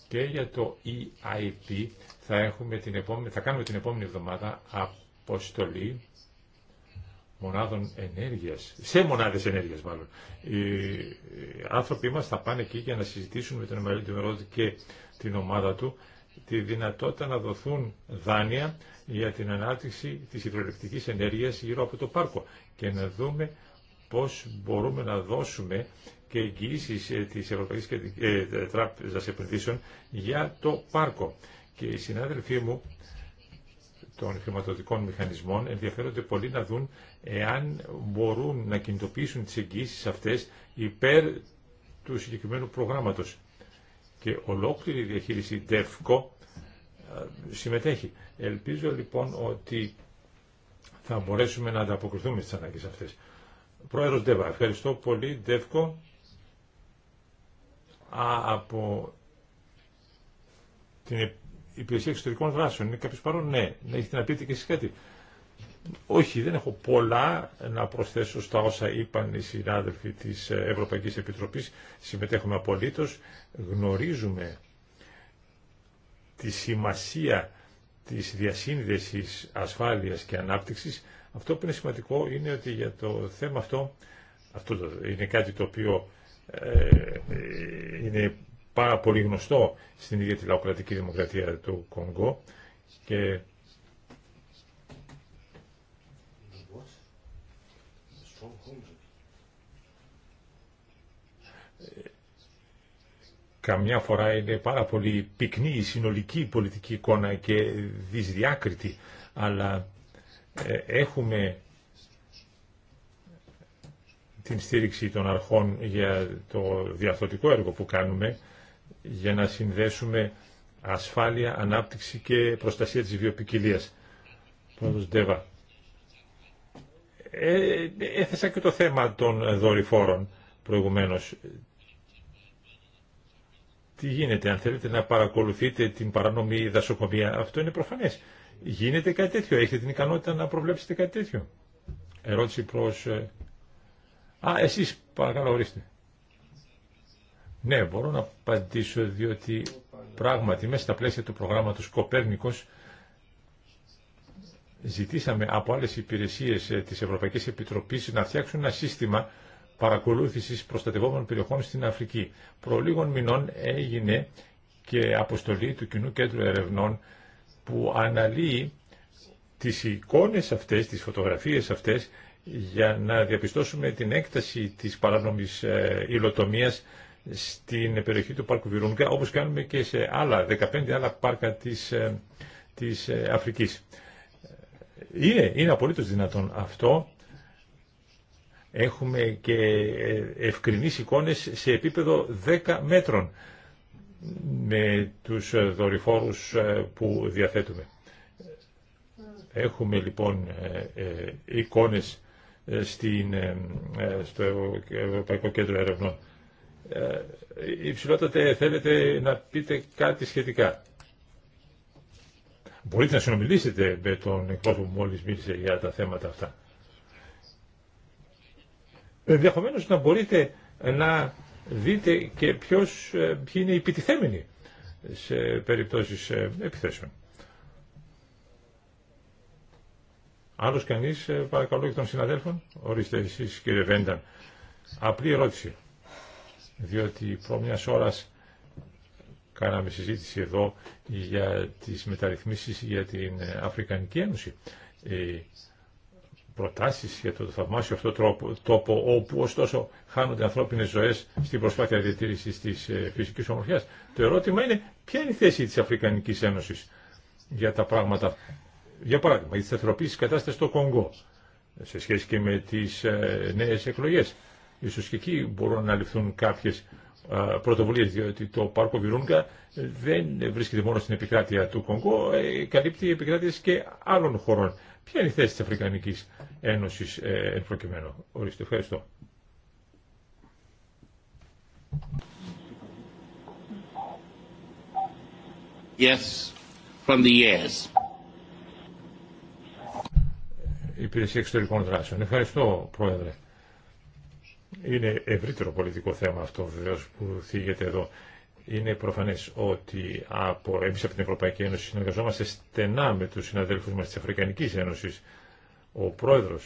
Και για το EIP θα, έχουμε την επόμενη, θα κάνουμε την επόμενη εβδομάδα αποστολή μονάδων ενέργειας, σε μονάδες ενέργειας μάλλον. Οι άνθρωποι μας θα πάνε εκεί για να συζητήσουν με τον Εμμανουήλ και την ομάδα του τη δυνατότητα να δοθούν δάνεια για την ανάπτυξη της υδροελεκτική ενέργειας γύρω από το πάρκο και να δούμε πώς μπορούμε να δώσουμε και εγγυήσει ε, της Ευρωπαϊκής ε, Τράπεζας Επενδύσεων για το πάρκο. Και οι συνάδελφοί μου των χρηματοδοτικών μηχανισμών ενδιαφέρονται πολύ να δουν εάν μπορούν να κινητοποιήσουν τις εγγυήσεις αυτές υπέρ του συγκεκριμένου προγράμματος. Και ολόκληρη η διαχείριση ΔΕΦΚΟ συμμετέχει. Ελπίζω λοιπόν ότι θα μπορέσουμε να ανταποκριθούμε στις ανάγκες αυτές. Πρόεδρος Ντέβα, ευχαριστώ πολύ. Ντεύκο, από την υπηρεσία εξωτερικών δράσεων. Είναι κάποιο παρόν, ναι. Να έχετε να πείτε και εσεί κάτι. Όχι, δεν έχω πολλά να προσθέσω στα όσα είπαν οι συνάδελφοι της Ευρωπαϊκής Επιτροπής. Συμμετέχουμε απολύτω. γνωρίζουμε τη σημασία της διασύνδεσης ασφάλειας και ανάπτυξης. Αυτό που είναι σημαντικό είναι ότι για το θέμα αυτό, αυτό είναι κάτι το οποίο ε, ε, είναι πάρα πολύ γνωστό στην ίδια τη λαοκρατική δημοκρατία του Κονγκό και καμιά φορά είναι πάρα πολύ πυκνή η συνολική πολιτική εικόνα και δυσδιάκριτη, αλλά ε, έχουμε την στήριξη των αρχών για το διαθωτικό έργο που κάνουμε για να συνδέσουμε ασφάλεια, ανάπτυξη και προστασία της βιοπικιλίας. Πρόεδρος Ντέβα. Ε, έθεσα και το θέμα των δορυφόρων προηγουμένως. Τι γίνεται, αν θέλετε να παρακολουθείτε την παράνομη δασοκομεία, αυτό είναι προφανές. Γίνεται κάτι τέτοιο, έχετε την ικανότητα να προβλέψετε κάτι τέτοιο. Ερώτηση προς... Ε, Α, εσείς παρακαλώ ορίστε. Ναι, μπορώ να απαντήσω διότι πράγματι μέσα στα πλαίσια του προγράμματος Κοπέρνικος ζητήσαμε από άλλες υπηρεσίες ε, της Ευρωπαϊκής Επιτροπής να φτιάξουν ένα σύστημα παρακολούθησης προστατευόμενων περιοχών στην Αφρική. Προ λίγων μηνών έγινε και αποστολή του Κοινού Κέντρου Ερευνών που αναλύει τις εικόνες αυτές, τις φωτογραφίες αυτές για να διαπιστώσουμε την έκταση της παράνομης ε, υλοτομίας στην περιοχή του Πάρκου Βιρούνκα, όπως κάνουμε και σε άλλα 15 άλλα πάρκα της, ε, της ε, Αφρικής. Είναι, είναι απολύτως δυνατόν αυτό. Έχουμε και ε, ευκρινείς εικόνες σε επίπεδο 10 μέτρων με τους δορυφόρους που διαθέτουμε. Έχουμε λοιπόν εικόνες στην, στο Ευρωπαϊκό Κέντρο Ερευνών ε, υψηλότατε θέλετε να πείτε κάτι σχετικά. Μπορείτε να συνομιλήσετε με τον εκπρόσωπο που μόλις μίλησε για τα θέματα αυτά. Ενδεχομένω να μπορείτε να δείτε και ποιος, ε, ποιοι είναι οι επιτιθέμενοι σε περιπτώσεις ε, επιθέσεων. Άλλος κανείς, παρακαλώ και των συναδέλφων. Ορίστε εσείς κύριε Βένταν. Απλή ερώτηση διότι προ μια ώρα κάναμε συζήτηση εδώ για τις μεταρρυθμίσεις για την Αφρικανική Ένωση. Ε, προτάσεις για το θαυμάσιο αυτό τρόπο, τόπο όπου ωστόσο χάνονται ανθρώπινες ζωές στην προσπάθεια διατήρησης της ε, φυσικής ομορφιάς. Το ερώτημα είναι ποια είναι η θέση της Αφρικανικής Ένωσης για τα πράγματα. Για παράδειγμα, η σταθεροποίηση κατάσταση στο Κονγκό σε σχέση και με τις ε, νέες εκλογές. Ίσως και εκεί μπορούν να ληφθούν κάποιες πρωτοβουλίες, διότι το πάρκο Βιρούνγκα δεν βρίσκεται μόνο στην επικράτεια του Κονγκό, ε, καλύπτει επικράτειες και άλλων χωρών. Ποια είναι η θέση της Αφρικανικής Ένωσης ε, εν προκειμένου. Ορίστε, ευχαριστώ. Yes, from the years. Υπηρεσία Εξωτερικών Δράσεων. Ευχαριστώ, Πρόεδρε. Είναι ευρύτερο πολιτικό θέμα αυτό βεβαίω που θίγεται εδώ. Είναι προφανέ ότι από, εμείς από την Ευρωπαϊκή Ένωση συνεργαζόμαστε στενά με του συναδέλφου μα τη Αφρικανική Ένωση. Ο πρόεδρο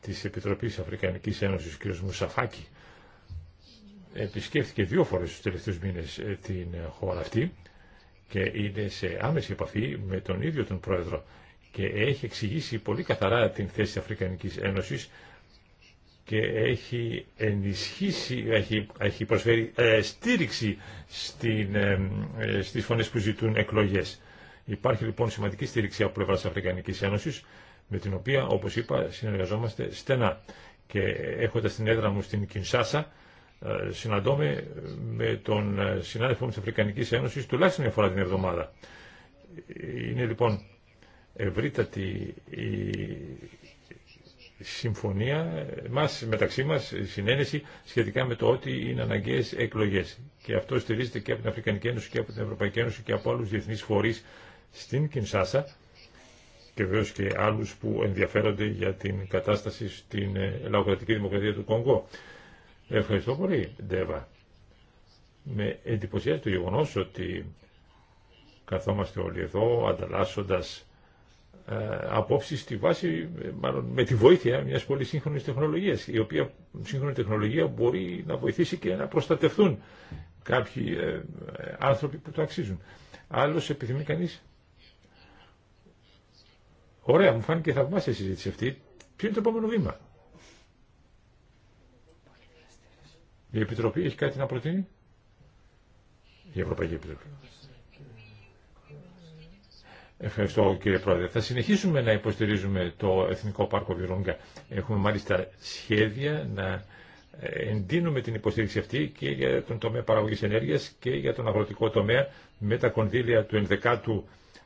τη Επιτροπή Αφρικανική Ένωση, κ. Μουσαφάκη, επισκέφθηκε δύο φορές του τελευταίους μήνες ε, την χώρα αυτή και είναι σε άμεση επαφή με τον ίδιο τον πρόεδρο και έχει εξηγήσει πολύ καθαρά την θέση της Αφρικανικής Ένωσης και έχει ενισχύσει, έχει, έχει προσφέρει ε, στήριξη στην, ε, ε, στις φωνές που ζητούν εκλογές. Υπάρχει λοιπόν σημαντική στήριξη από πλευράς της Αφρικανικής Ένωσης, με την οποία, όπως είπα, συνεργαζόμαστε στενά. Και έχοντας την έδρα μου στην Κινσάσα, ε, συναντώμε με τον συνάδελφο της Αφρικανικής Ένωσης τουλάχιστον μια φορά την εβδομάδα. Είναι λοιπόν ευρύτατη η συμφωνία μας, μεταξύ μας συνένεση σχετικά με το ότι είναι αναγκαίες εκλογές. Και αυτό στηρίζεται και από την Αφρικανική Ένωση και από την Ευρωπαϊκή Ένωση και από άλλους διεθνείς φορείς στην Κινσάσα και βεβαίω και άλλους που ενδιαφέρονται για την κατάσταση στην ε, λαοκρατική δημοκρατία του Κονγκό. Ευχαριστώ πολύ, Ντέβα. Με εντυπωσιάζει το γεγονός ότι καθόμαστε όλοι εδώ ανταλλάσσοντας ε, απόψεις στη βάση, ε, μάλλον με τη βοήθεια μιας πολύ σύγχρονης τεχνολογίας, η οποία σύγχρονη τεχνολογία μπορεί να βοηθήσει και να προστατευτούν κάποιοι ε, άνθρωποι που το αξίζουν. Άλλος επιθυμεί κανεί. Ωραία, μου φάνηκε θαυμάσια η συζήτηση αυτή. Ποιο είναι το επόμενο βήμα. Η Επιτροπή έχει κάτι να προτείνει. Η Ευρωπαϊκή Επιτροπή. Ευχαριστώ κύριε Πρόεδρε. Θα συνεχίσουμε να υποστηρίζουμε το Εθνικό Πάρκο Βιρούγκα. Έχουμε μάλιστα σχέδια να εντείνουμε την υποστήριξη αυτή και για τον τομέα παραγωγής ενέργειας και για τον αγροτικό τομέα με τα κονδύλια του 11ου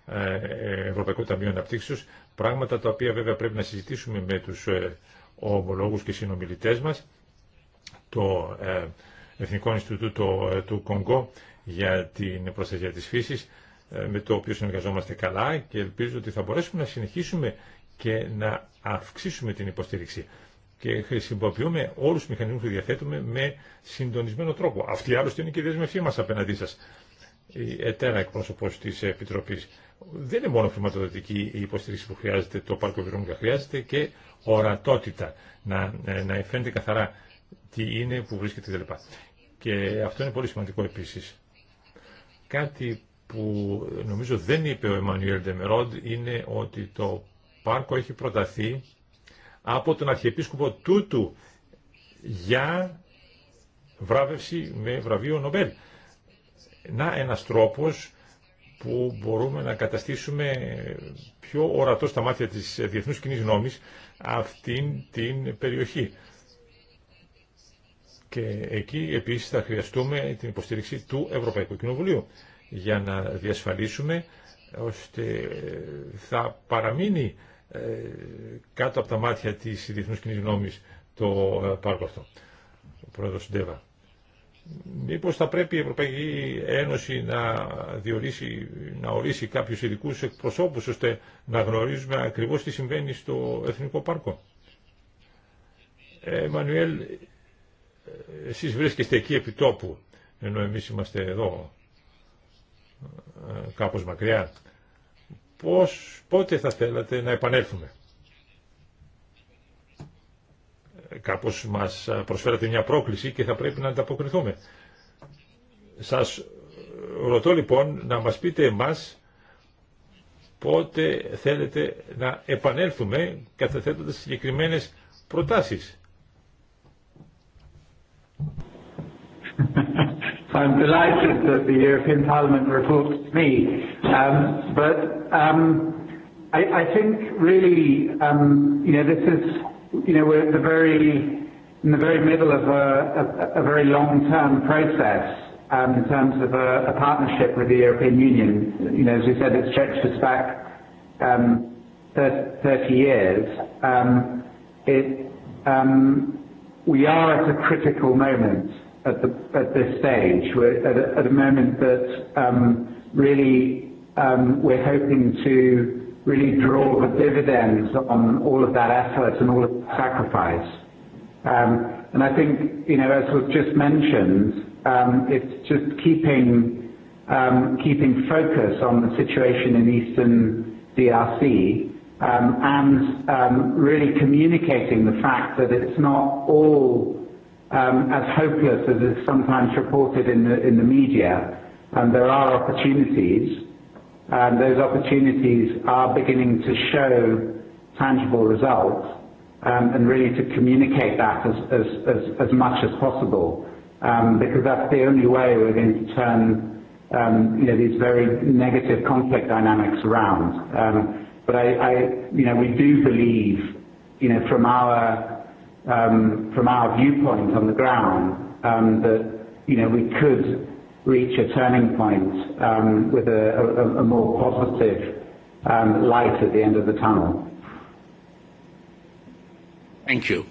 ε, Ευρωπαϊκού Ταμείου Αναπτύξεως, πράγματα τα οποία βέβαια πρέπει να συζητήσουμε με τους ε, ομολόγους και συνομιλητές μας, το ε, Εθνικό Ινστιτούτο του Κονγκό για την προστασία της φύσης, ε, με το οποίο συνεργαζόμαστε καλά και ελπίζω ότι θα μπορέσουμε να συνεχίσουμε και να αυξήσουμε την υποστήριξη. Και χρησιμοποιούμε όλου του μηχανισμούς που διαθέτουμε με συντονισμένο τρόπο. Αυτή άλλωστε είναι και η δέσμευσή μα απέναντί σα. Η ΕΤΕΡΑ εκπρόσωπο τη Επιτροπή. Δεν είναι μόνο χρηματοδοτική η υποστήριξη που χρειάζεται, το πάρκο Βερόνικα χρειάζεται και ορατότητα. Να, ε, να φαίνεται καθαρά τι είναι, που βρίσκεται κλπ. Και αυτό είναι πολύ σημαντικό επίση. Κάτι που νομίζω δεν είπε ο Εμμανουέλ Ντεμερόντ είναι ότι το πάρκο έχει προταθεί από τον Αρχιεπίσκοπο Τούτου για βράβευση με βραβείο Νομπέλ. Να ένας τρόπος που μπορούμε να καταστήσουμε πιο ορατό στα μάτια της διεθνούς κοινή νόμης αυτήν την περιοχή. Και εκεί επίσης θα χρειαστούμε την υποστήριξη του Ευρωπαϊκού Κοινοβουλίου για να διασφαλίσουμε ώστε θα παραμείνει ε, κάτω από τα μάτια της διεθνούς το ε, πάρκο αυτό. Ο πρόεδρος Ντέβα. Μήπως θα πρέπει η Ευρωπαϊκή Ένωση να διορίσει, να ορίσει κάποιους ειδικού εκπροσώπους ώστε να γνωρίζουμε ακριβώς τι συμβαίνει στο Εθνικό Πάρκο. Εμμανουέλ, ε, εσείς βρίσκεστε εκεί επί τόπου, ενώ εμείς είμαστε εδώ. Ε, κάπως μακριά. Πώς, πότε θα θέλατε να επανέλθουμε. Ε, κάπως μας προσφέρατε μια πρόκληση και θα πρέπει να ανταποκριθούμε. Σας ρωτώ λοιπόν να μας πείτε εμάς πότε θέλετε να επανέλθουμε καταθέτοντας συγκεκριμένες προτάσεις. *laughs* I'm delighted that the European Parliament reports to me. Um, but um, I, I think really, um, you know, this is, you know, we're at the very, in the very middle of a, a, a very long-term process um, in terms of a, a partnership with the European Union. You know, as we said, it stretches back um, 30 years. Um, it, um, we are at a critical moment at this stage. We're at a moment that really we're hoping to really draw the dividends on all of that effort and all of the sacrifice. and I think, you know, as was just mentioned, it's just keeping focus on the situation in Eastern DRC, and really communicating the fact that it's not all as hopeless as is sometimes reported in the in the media. and There are opportunities, and those opportunities are beginning to show tangible results, and really to communicate that as as as as much as possible, because that's the only way we're going to turn you know these very negative conflict dynamics around. But I I you know We do believe you know from our um, from our viewpoint on the ground, um, that you know we could reach a turning point um, with a a, a more positive um, light at the end of the tunnel. Thank you.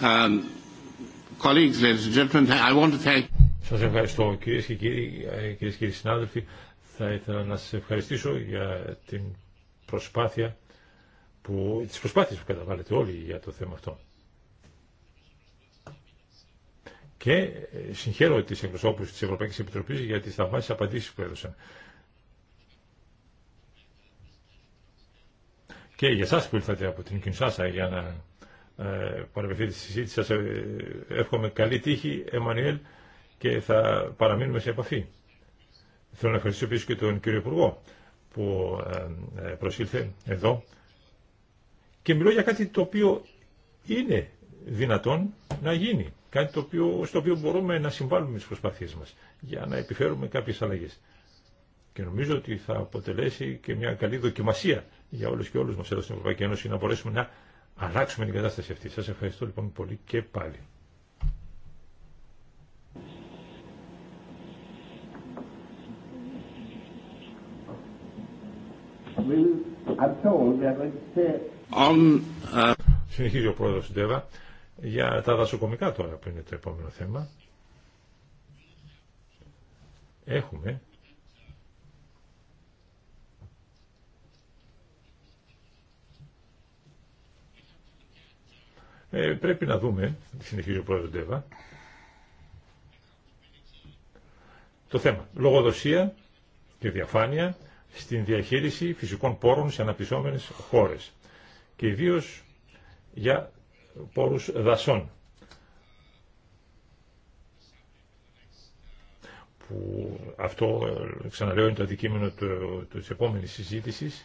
um, Colleagues, ladies and gentlemen, I want to thank... Σας ευχαριστώ κυρίες και κύριοι, κυρίες και κύριοι συνάδελφοι. Θα ήθελα να σας ευχαριστήσω για την προσπάθεια που, τις προσπάθειες που καταβάλλετε όλοι για το θέμα αυτό. Και ε, συγχαίρω τι εκπροσώπου τη Ευρωπαϊκή Επιτροπή για τι θαυμάσιε απαντήσει που έδωσαν. Και για εσά που ήρθατε από την Κινσάσα για να ε, τη στη συζήτηση σας, ε, εύχομαι καλή τύχη, Εμμανουέλ, και θα παραμείνουμε σε επαφή. Θέλω να ευχαριστήσω επίσης και τον κύριο Υπουργό που ε, προσήλθε εδώ και μιλώ για κάτι το οποίο είναι δυνατόν να γίνει. Κάτι το οποίο, στο οποίο μπορούμε να συμβάλλουμε στις προσπάθειές μας για να επιφέρουμε κάποιες αλλαγές. Και νομίζω ότι θα αποτελέσει και μια καλή δοκιμασία για όλους και όλους μας εδώ στην Ευρωπαϊκή Ένωση να μπορέσουμε να αλλάξουμε την κατάσταση αυτή. Σας ευχαριστώ λοιπόν πολύ και πάλι. Συνεχίζει ο πρόεδρος για τα δασοκομικά τώρα που είναι το επόμενο θέμα. Έχουμε Ε, πρέπει να δούμε, συνεχίζει ο πρόεδρος το θέμα λογοδοσία και διαφάνεια στην διαχείριση φυσικών πόρων σε αναπτυσσόμενες χώρες και ιδίω για πόρους δασών. Που αυτό, ξαναλέω, είναι το αντικείμενο του, της επόμενης συζήτησης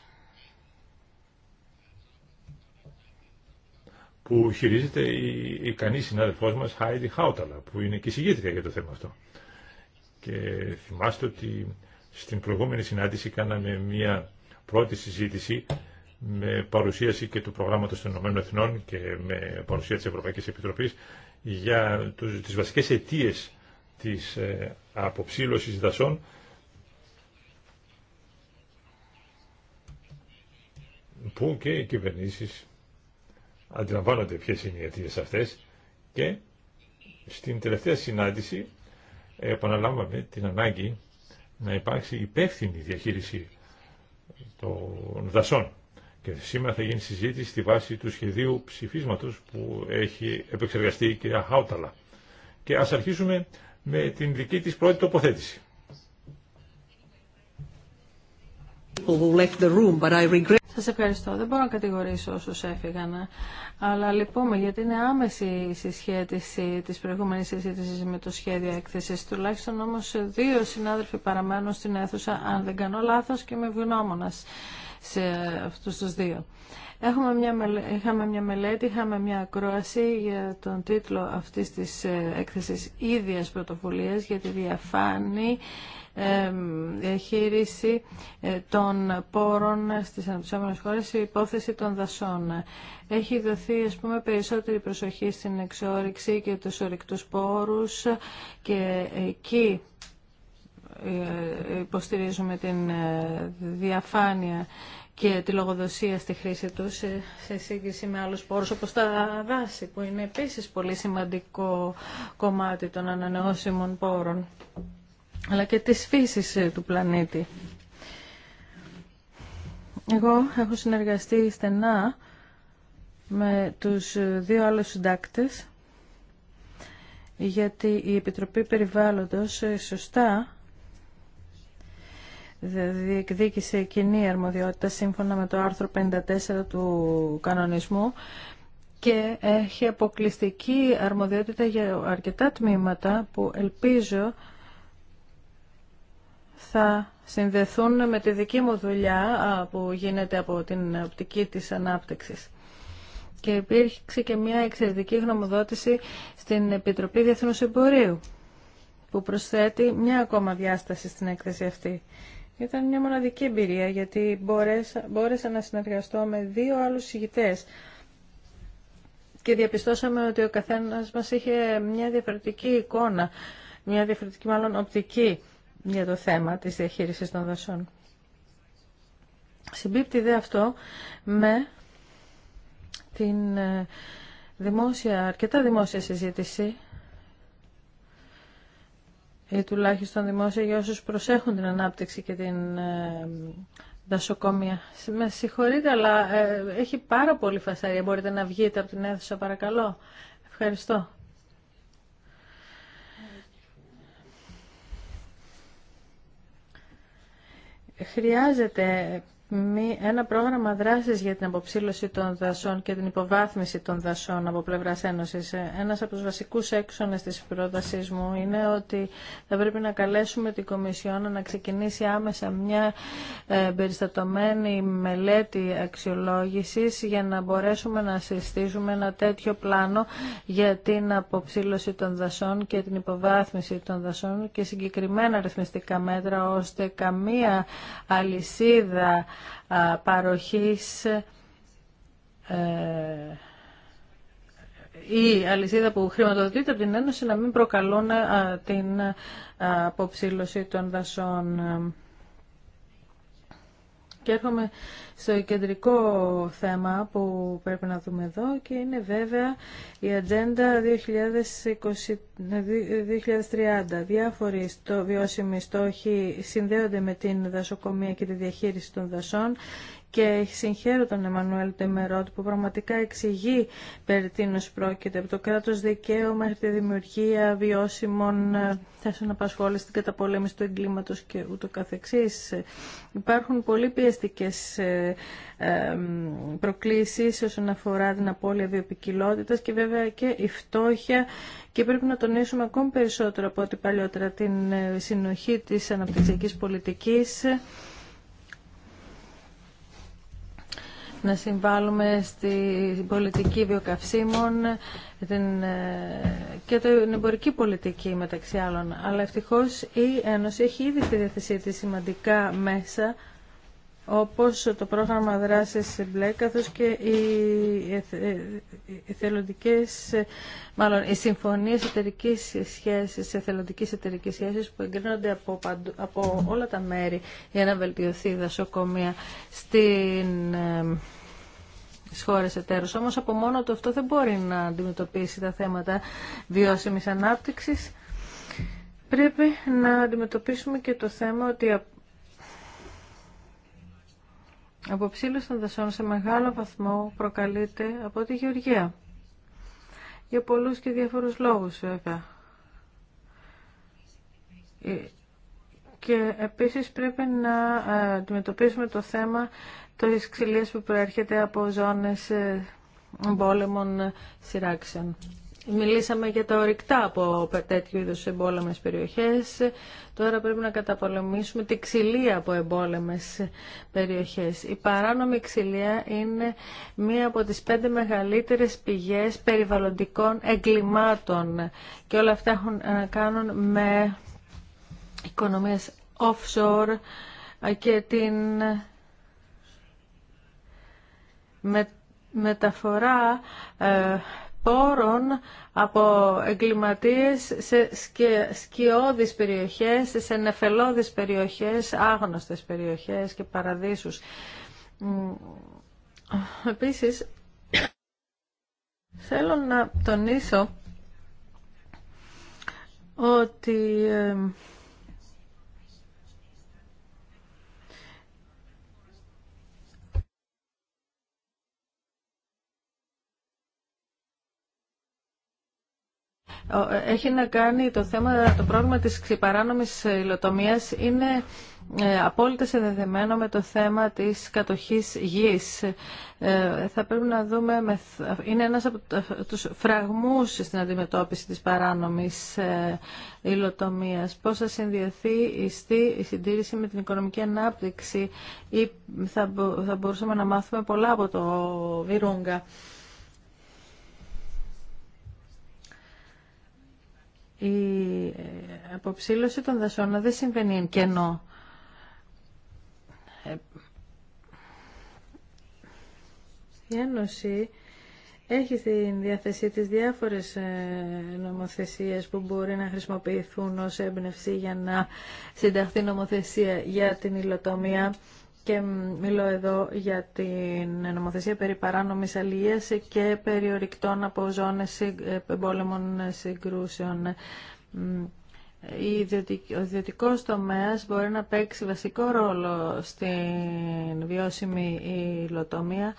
που χειρίζεται η ικανή συνάδελφός μας Χάιντι Χάουταλα, που είναι και συγγήτρια για το θέμα αυτό. Και θυμάστε ότι στην προηγούμενη συνάντηση κάναμε μια πρώτη συζήτηση με παρουσίαση και του προγράμματος των Ηνωμένων Εθνών και με παρουσία της Ευρωπαϊκής Επιτροπής για τους, τις βασικές αιτίες της ε, αποψήλωσης δασών που και οι κυβερνήσεις αντιλαμβάνονται ποιες είναι οι αιτίες αυτές και στην τελευταία συνάντηση επαναλάμβαμε την ανάγκη να υπάρξει υπεύθυνη διαχείριση των δασών. Και σήμερα θα γίνει συζήτηση στη βάση του σχεδίου ψηφίσματος που έχει επεξεργαστεί η κυρία Χάουταλα. Και ας αρχίσουμε με την δική της πρώτη τοποθέτηση. Σα ευχαριστώ. Δεν μπορώ να κατηγορήσω όσου έφυγαν, ε. αλλά λυπούμε γιατί είναι άμεση η συσχέτιση της προηγούμενης συζήτηση με το σχέδιο έκθεση. Τουλάχιστον όμω δύο συνάδελφοι παραμένουν στην αίθουσα, αν δεν κάνω λάθος, και με ευγνώμονα σε αυτούς τους δύο. Έχουμε μια είχαμε μια μελέτη, είχαμε μια ακρόαση για τον τίτλο αυτής της ε, έκθεσης ίδιας πρωτοβουλίας για τη διαφάνη διαχείριση ε, των πόρων στις αναπτυσσόμενες χώρες η υπόθεση των δασών. Έχει δοθεί ας πούμε, περισσότερη προσοχή στην εξόριξη και τους ορυκτούς πόρους και εκεί ε, υποστηρίζουμε την ε, διαφάνεια και τη λογοδοσία στη χρήση του σε σύγκριση με άλλους πόρους όπως τα δάση που είναι επίσης πολύ σημαντικό κομμάτι των ανανεώσιμων πόρων αλλά και της φύσης ε, του πλανήτη. Εγώ έχω συνεργαστεί στενά με τους δύο άλλους συντάκτες γιατί η Επιτροπή Περιβάλλοντος σωστά διεκδίκησε κοινή αρμοδιότητα σύμφωνα με το άρθρο 54 του κανονισμού και έχει αποκλειστική αρμοδιότητα για αρκετά τμήματα που ελπίζω θα συνδεθούν με τη δική μου δουλειά που γίνεται από την οπτική της ανάπτυξης. Και υπήρξε και μια εξαιρετική γνωμοδότηση στην Επιτροπή Διεθνούς Εμπορίου που προσθέτει μια ακόμα διάσταση στην έκθεση αυτή. Ήταν μια μοναδική εμπειρία γιατί μπόρεσα, μπόρεσα να συνεργαστώ με δύο άλλους ηγητές και διαπιστώσαμε ότι ο καθένας μας είχε μια διαφορετική εικόνα, μια διαφορετική μάλλον οπτική για το θέμα της διαχείρισης των δασών. Συμπίπτει δε αυτό με την ε, δημόσια, αρκετά δημόσια συζήτηση ή ε, τουλάχιστον δημόσια για όσους προσέχουν την ανάπτυξη και την ε, δασοκόμια. Με συγχωρείτε, αλλά ε, έχει πάρα πολύ φασαρία. Μπορείτε να βγείτε από την αίθουσα, παρακαλώ. Ευχαριστώ. Χρειάζεται ένα πρόγραμμα δράση για την αποψήλωση των δασών και την υποβάθμιση των δασών από πλευρά Ένωση. Ε, ένα από του βασικού έξονε τη πρότασή μου είναι ότι θα πρέπει να καλέσουμε την Κομισιόν να ξεκινήσει άμεσα μια ε, περιστατωμένη μελέτη αξιολόγησης για να μπορέσουμε να συστήσουμε ένα τέτοιο πλάνο για την αποψήλωση των δασών και την υποβάθμιση των δασών και συγκεκριμένα ρυθμιστικά μέτρα ώστε καμία αλυσίδα παροχής ε, η αλυσίδα που χρηματοδοτείται από την Ένωση να μην προκαλούν την αποψήλωση των δασών. Και έρχομαι στο κεντρικό θέμα που πρέπει να δούμε εδώ και είναι βέβαια η Ατζέντα 2030. Ναι, Διάφοροι βιώσιμοι στόχοι συνδέονται με την δασοκομεία και τη διαχείριση των δασών και συγχαίρω τον Εμμανουέλ Τεμερότ που πραγματικά εξηγεί περί τίνος πρόκειται από το κράτος δικαίου μέχρι τη δημιουργία βιώσιμων ε, θέσεων απασχόλησης στην καταπολέμηση του εγκλήματος και ούτω καθεξής. Υπάρχουν πολύ πιεστικές ε, ε, προκλήσεις όσον αφορά την απώλεια βιοπικιλότητας και βέβαια και η φτώχεια και πρέπει να τονίσουμε ακόμη περισσότερο από ό,τι παλιότερα την συνοχή της αναπτυξιακής πολιτικής να συμβάλλουμε στην πολιτική βιοκαυσίμων ε, και την εμπορική πολιτική μεταξύ άλλων. Αλλά ευτυχώς η Ένωση έχει ήδη στη διαθεσή της σημαντικά μέσα όπως το πρόγραμμα δράσης μπλε και οι εθελοντικές, ε, μάλλον οι συμφωνίες εταιρικής σχέσης, εθελοντικής εταιρικής σχέσης που εγκρίνονται από, από όλα τα μέρη για να βελτιωθεί η δασοκομεία στην ε, τις χώρες εταίρους. Όμως από μόνο του αυτό δεν μπορεί να αντιμετωπίσει τα θέματα βιώσιμης ανάπτυξης. Πρέπει να αντιμετωπίσουμε και το θέμα ότι ο των δασών σε μεγάλο βαθμό προκαλείται από τη γεωργία. Για πολλούς και διάφορους λόγους βέβαια. Ε, και επίσης πρέπει να ε, αντιμετωπίσουμε το θέμα της ξυλίας που προέρχεται από ζώνες ε, εμπόλεμων ε, σειράξεων. Μιλήσαμε για τα ορυκτά από τέτοιου είδους εμπόλεμες περιοχές. Τώρα πρέπει να καταπολεμήσουμε τη ξυλία από εμπόλεμες περιοχές. Η παράνομη ξυλία είναι μία από τις πέντε μεγαλύτερες πηγές περιβαλλοντικών εγκλημάτων και όλα αυτά έχουν να κάνουν με οικονομίες offshore και την μεταφορά ε, πόρων από εγκληματίες σε σκιώδεις περιοχές, σε νεφελώδεις περιοχές, άγνωστες περιοχές και παραδείσους. Επίσης, θέλω να τονίσω ότι ε, Ε, έχει να κάνει το θέμα, το πρόβλημα της παράνομης υλοτομίας είναι ε, απόλυτα συνδεδεμένο με το θέμα της κατοχής γης. Ε, θα πρέπει να δούμε, είναι ένας από τους φραγμούς στην αντιμετώπιση της παράνομης υλοτομίας. Πώς θα συνδυαθεί η, συντήρηση με την οικονομική ανάπτυξη ή θα, μπορούσαμε να μάθουμε πολλά από το Βιρούγκα. η ε, αποψήλωση των δασών δεν συμβαίνει εν κενό. Ε, η Ένωση έχει στην διάθεσή της διάφορες ε, νομοθεσίες που μπορεί να χρησιμοποιηθούν ως έμπνευση για να συνταχθεί νομοθεσία για την υλοτομία και μιλώ εδώ για την νομοθεσία περί παράνομης αλληλείας και περιορικτών από ζώνες εμπόλεμων συγκρούσεων. Ο ιδιωτικό τομέα μπορεί να παίξει βασικό ρόλο στην βιώσιμη υλοτομία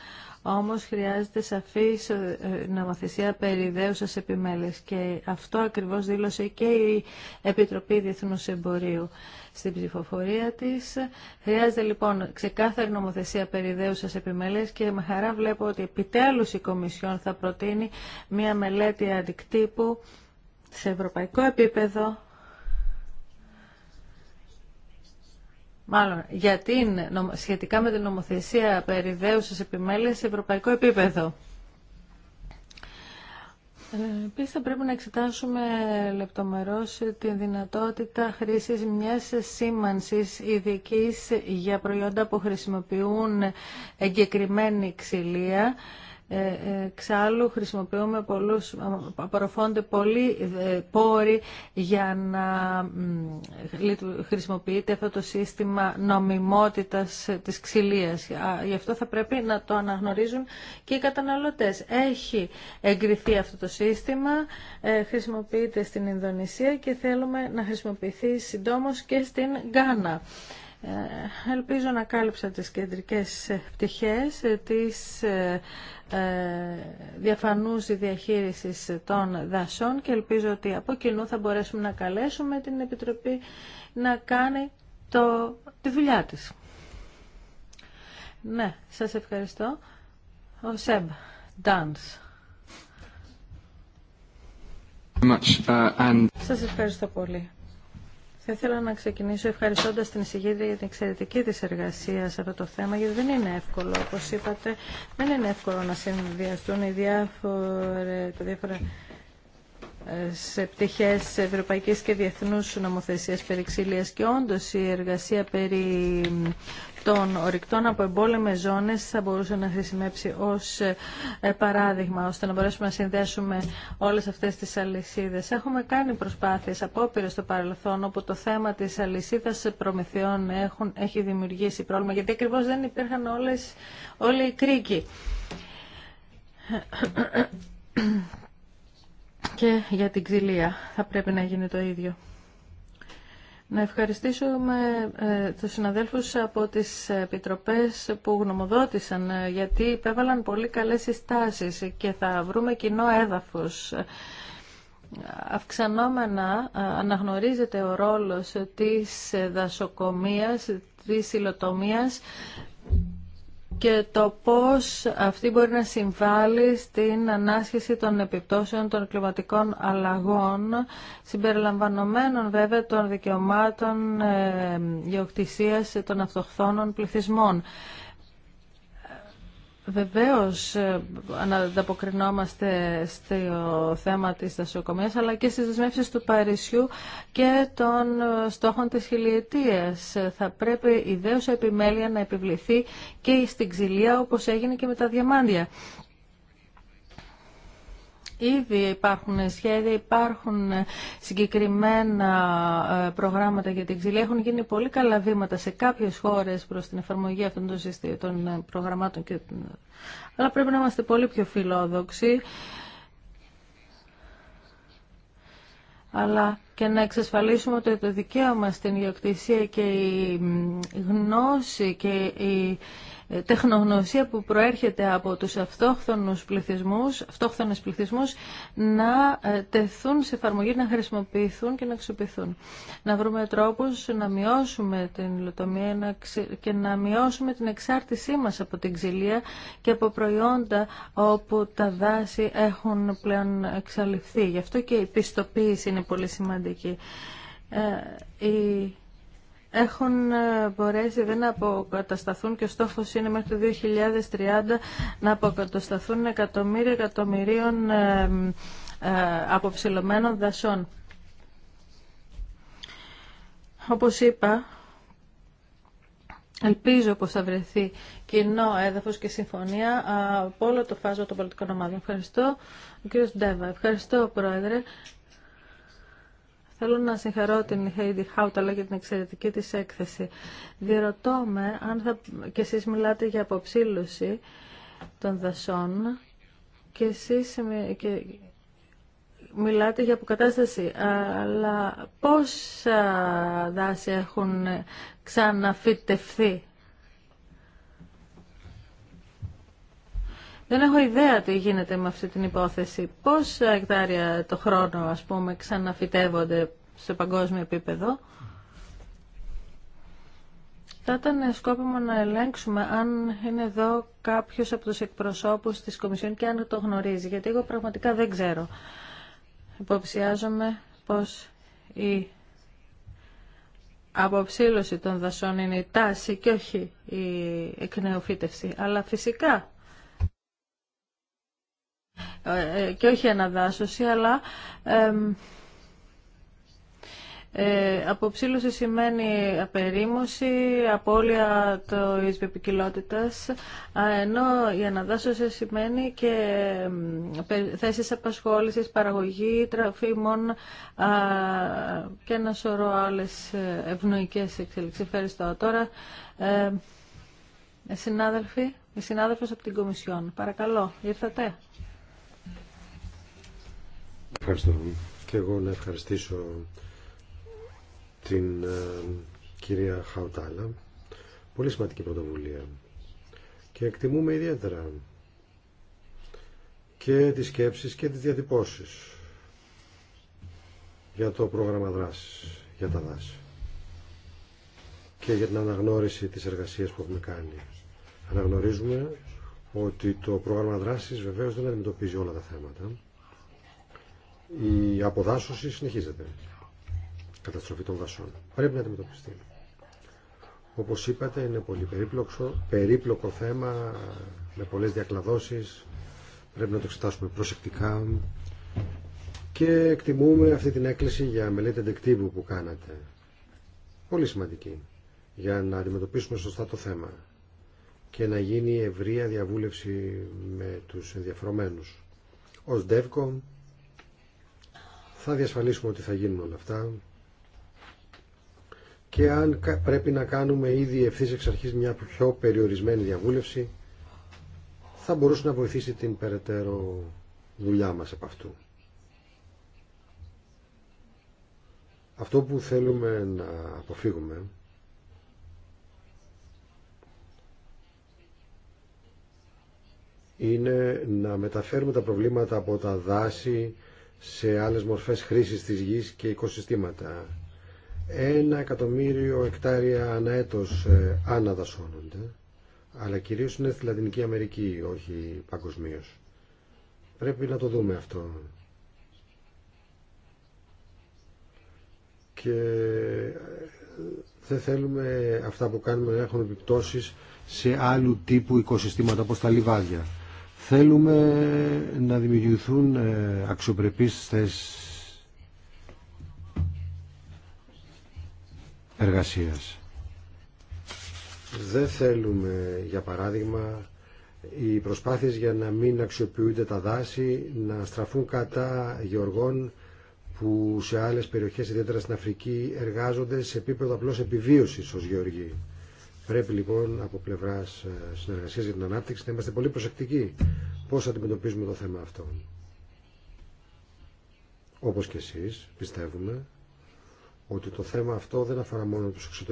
όμως χρειάζεται σαφή ε, ε, νομοθεσία περί δέουσας επιμέλειας και αυτό ακριβώς δήλωσε και η Επιτροπή Διεθνούς Εμπορίου στην ψηφοφορία της. Χρειάζεται λοιπόν ξεκάθαρη νομοθεσία περί δέουσας και με χαρά βλέπω ότι επιτέλους η Κομισιόν θα προτείνει μια μελέτη αντικτύπου σε ευρωπαϊκό επίπεδο Μάλλον, για σχετικά με την νομοθεσία περί δέουσας επιμέλειας σε ευρωπαϊκό επίπεδο. Ε, Επίση, θα πρέπει να εξετάσουμε λεπτομερώς τη δυνατότητα χρήσης μιας σήμανσης ειδική για προϊόντα που χρησιμοποιούν εγκεκριμένη ξυλία ε, ε, εξάλλου χρησιμοποιούμε πολλούς, ε, απορροφώνται πολλοί πόροι για να χρησιμοποιείται αυτό το σύστημα νομιμότητας της ξυλίας. Γι' αυτό θα πρέπει να το αναγνωρίζουν και οι καταναλωτές. Έχει εγκριθεί αυτό το σύστημα, χρησιμοποιείται στην Ινδονησία και θέλουμε να χρησιμοποιηθεί συντόμως και στην Γκάνα. Ε, ελπίζω να κάλυψα τις κεντρικές ε, πτυχές ε, της διαφανούς διαχείρισης των δασών και ελπίζω ότι από κοινού θα μπορέσουμε να καλέσουμε την Επιτροπή να κάνει το, τη δουλειά της. Ναι, σας ευχαριστώ. Ο Σεμπ, Dance. Uh, σας ευχαριστώ πολύ. Θα ήθελα να ξεκινήσω ευχαριστώντα την εισηγήτρια για την εξαιρετική τη εργασία σε αυτό το θέμα, γιατί δεν είναι εύκολο, όπω είπατε, δεν είναι εύκολο να συνδυαστούν οι διάφορε, τα διάφορα σε πτυχές ευρωπαϊκής και διεθνούς νομοθεσίας περί και όντως η εργασία περί των ορυκτών από εμπόλεμες ζώνες θα μπορούσε να χρησιμεύσει ως ε, παράδειγμα ώστε να μπορέσουμε να συνδέσουμε όλες αυτές τις αλυσίδες. Έχουμε κάνει προσπάθειες απόπειρες στο παρελθόν όπου το θέμα της αλυσίδας προμηθειών έχουν, έχει δημιουργήσει πρόβλημα γιατί ακριβώς δεν υπήρχαν όλες, όλοι οι κρίκοι. Και για την ξυλία θα πρέπει να γίνει το ίδιο. Να ευχαριστήσουμε ε, τους συναδέλφους από τις επιτροπές που γνωμοδότησαν ε, γιατί υπέβαλαν πολύ καλές συστάσεις και θα βρούμε κοινό έδαφος. Αυξανόμενα ε, αναγνωρίζεται ο ρόλος της δασοκομείας, της υλοτομίας και το πώς αυτή μπορεί να συμβάλλει στην ανάσχεση των επιπτώσεων των κλιματικών αλλαγών, συμπεριλαμβανομένων βέβαια των δικαιωμάτων γεωκτησίας των αυτοχθόνων πληθυσμών. Βεβαίως ε, ανταποκρινόμαστε στο θέμα της δασοκομείας αλλά και στις δεσμεύσεις του Παρισιού και των ε, στόχων της χιλιετίας. Θα πρέπει η επιμέλεια να επιβληθεί και στην ξυλία όπως έγινε και με τα διαμάντια. Ήδη υπάρχουν σχέδια, υπάρχουν συγκεκριμένα ε, προγράμματα για την ξυλία. Έχουν γίνει πολύ καλά βήματα σε κάποιες χώρε προς την εφαρμογή αυτών των, ε, προγραμμάτων. Και... Αλλά πρέπει να είμαστε πολύ πιο φιλόδοξοι. αλλά και να εξασφαλίσουμε ότι το δικαίωμα στην ιδιοκτησία και η γνώση και η τεχνογνωσία που προέρχεται από τους αυτόχθονους πληθυσμούς, αυτόχθονες πληθυσμούς να ε, τεθούν σε εφαρμογή, να χρησιμοποιηθούν και να αξιοποιηθούν. Να βρούμε τρόπους να μειώσουμε την υλοτομία και να μειώσουμε την εξάρτησή μας από την ξυλία και από προϊόντα όπου τα δάση έχουν πλέον εξαλειφθεί. Γι' αυτό και η πιστοποίηση είναι πολύ σημαντική. Ε, έχουν ε, μπορέσει δεν να αποκατασταθούν και ο στόχος είναι μέχρι το 2030 να αποκατασταθούν εκατομμύρια εκατομμυρίων ε, ε, αποψηλωμένων δασών. Όπως είπα, ελπίζω πως θα βρεθεί κοινό έδαφος και συμφωνία από όλο το φάσμα των πολιτικών ομάδων. Ευχαριστώ, ο κύριος Ντέβα. Ευχαριστώ, Πρόεδρε. Θέλω να συγχαρώ την Heidi αλλά και την εξαιρετική της έκθεση. Διερωτώ με αν θα... και εσείς μιλάτε για αποψήλωση των δασών και εσείς μιλάτε για αποκατάσταση, αλλά πόσα δάση έχουν ξαναφυτευθεί Δεν έχω ιδέα τι γίνεται με αυτή την υπόθεση. Πόσα εκτάρια το χρόνο, ας πούμε, ξαναφυτεύονται σε παγκόσμιο επίπεδο. Θα ήταν σκόπιμο να ελέγξουμε αν είναι εδώ κάποιος από τους εκπροσώπους της Κομισιόν και αν το γνωρίζει, γιατί εγώ πραγματικά δεν ξέρω. Υποψιάζομαι πως η αποψήλωση των δασών είναι η τάση και όχι η εκνεοφύτευση. Αλλά φυσικά ε, ε, και όχι αναδάσωση, αλλά ε, αποψήλωση σημαίνει απερίμωση, απώλεια της επικοινότητα, ενώ η αναδάσωση σημαίνει και θέσεις απασχόλησης, παραγωγή, τραφήμων και ένα σωρό άλλες ε, ευνοϊκές εξελίξεις. Ευχαριστώ. Τώρα, ε, συνάδελφοι, η συνάδελφος από την Κομισιόν. Παρακαλώ, ήρθατε. Ευχαριστώ. Και εγώ να ευχαριστήσω την ε, κυρία Χαουτάλα. Πολύ σημαντική πρωτοβουλία. Και εκτιμούμε ιδιαίτερα και τις σκέψεις και τις διατυπώσεις για το πρόγραμμα δράσης, για τα δάση και για την αναγνώριση της εργασίας που έχουμε κάνει. Αναγνωρίζουμε ότι το πρόγραμμα δράσης βεβαίως δεν αντιμετωπίζει όλα τα θέματα η αποδάσωση συνεχίζεται. Καταστροφή των δασών. Πρέπει να αντιμετωπιστεί. Όπως είπατε είναι πολύ περίπλοκο, περίπλοκο θέμα με πολλές διακλαδώσεις. Πρέπει να το εξετάσουμε προσεκτικά. Και εκτιμούμε αυτή την έκκληση για μελέτη εντεκτύπου που κάνατε. Πολύ σημαντική. Για να αντιμετωπίσουμε σωστά το θέμα. Και να γίνει ευρεία διαβούλευση με τους ενδιαφερομένους. Ως ΔΕΒΚΟΜ θα διασφαλίσουμε ότι θα γίνουν όλα αυτά. Και αν πρέπει να κάνουμε ήδη ευθύ εξ αρχής μια πιο περιορισμένη διαβούλευση, θα μπορούσε να βοηθήσει την περαιτέρω δουλειά μας από αυτού. Αυτό που θέλουμε να αποφύγουμε είναι να μεταφέρουμε τα προβλήματα από τα δάση σε άλλες μορφές χρήσης της γης και οικοσυστήματα. Ένα εκατομμύριο εκτάρια ανά έτος αναδασώνονται, ε, αλλά κυρίως είναι στη Λατινική Αμερική, όχι παγκοσμίω. Πρέπει να το δούμε αυτό. Και ε, δεν θέλουμε αυτά που κάνουμε να έχουν επιπτώσεις σε άλλου τύπου οικοσυστήματα όπως τα λιβάδια. Θέλουμε να δημιουργηθούν ε, αξιοπρεπείς θέσεις εργασίας. Δεν θέλουμε, για παράδειγμα, οι προσπάθειες για να μην αξιοποιούνται τα δάση να στραφούν κατά γεωργών που σε άλλες περιοχές, ιδιαίτερα στην Αφρική, εργάζονται σε επίπεδο απλώς επιβίωσης ως γεωργοί. Πρέπει λοιπόν από πλευρά ε, συνεργασία για την ανάπτυξη να είμαστε πολύ προσεκτικοί πώ αντιμετωπίζουμε το θέμα αυτό. Όπω και εσεί πιστεύουμε ότι το θέμα αυτό δεν αφορά μόνο τους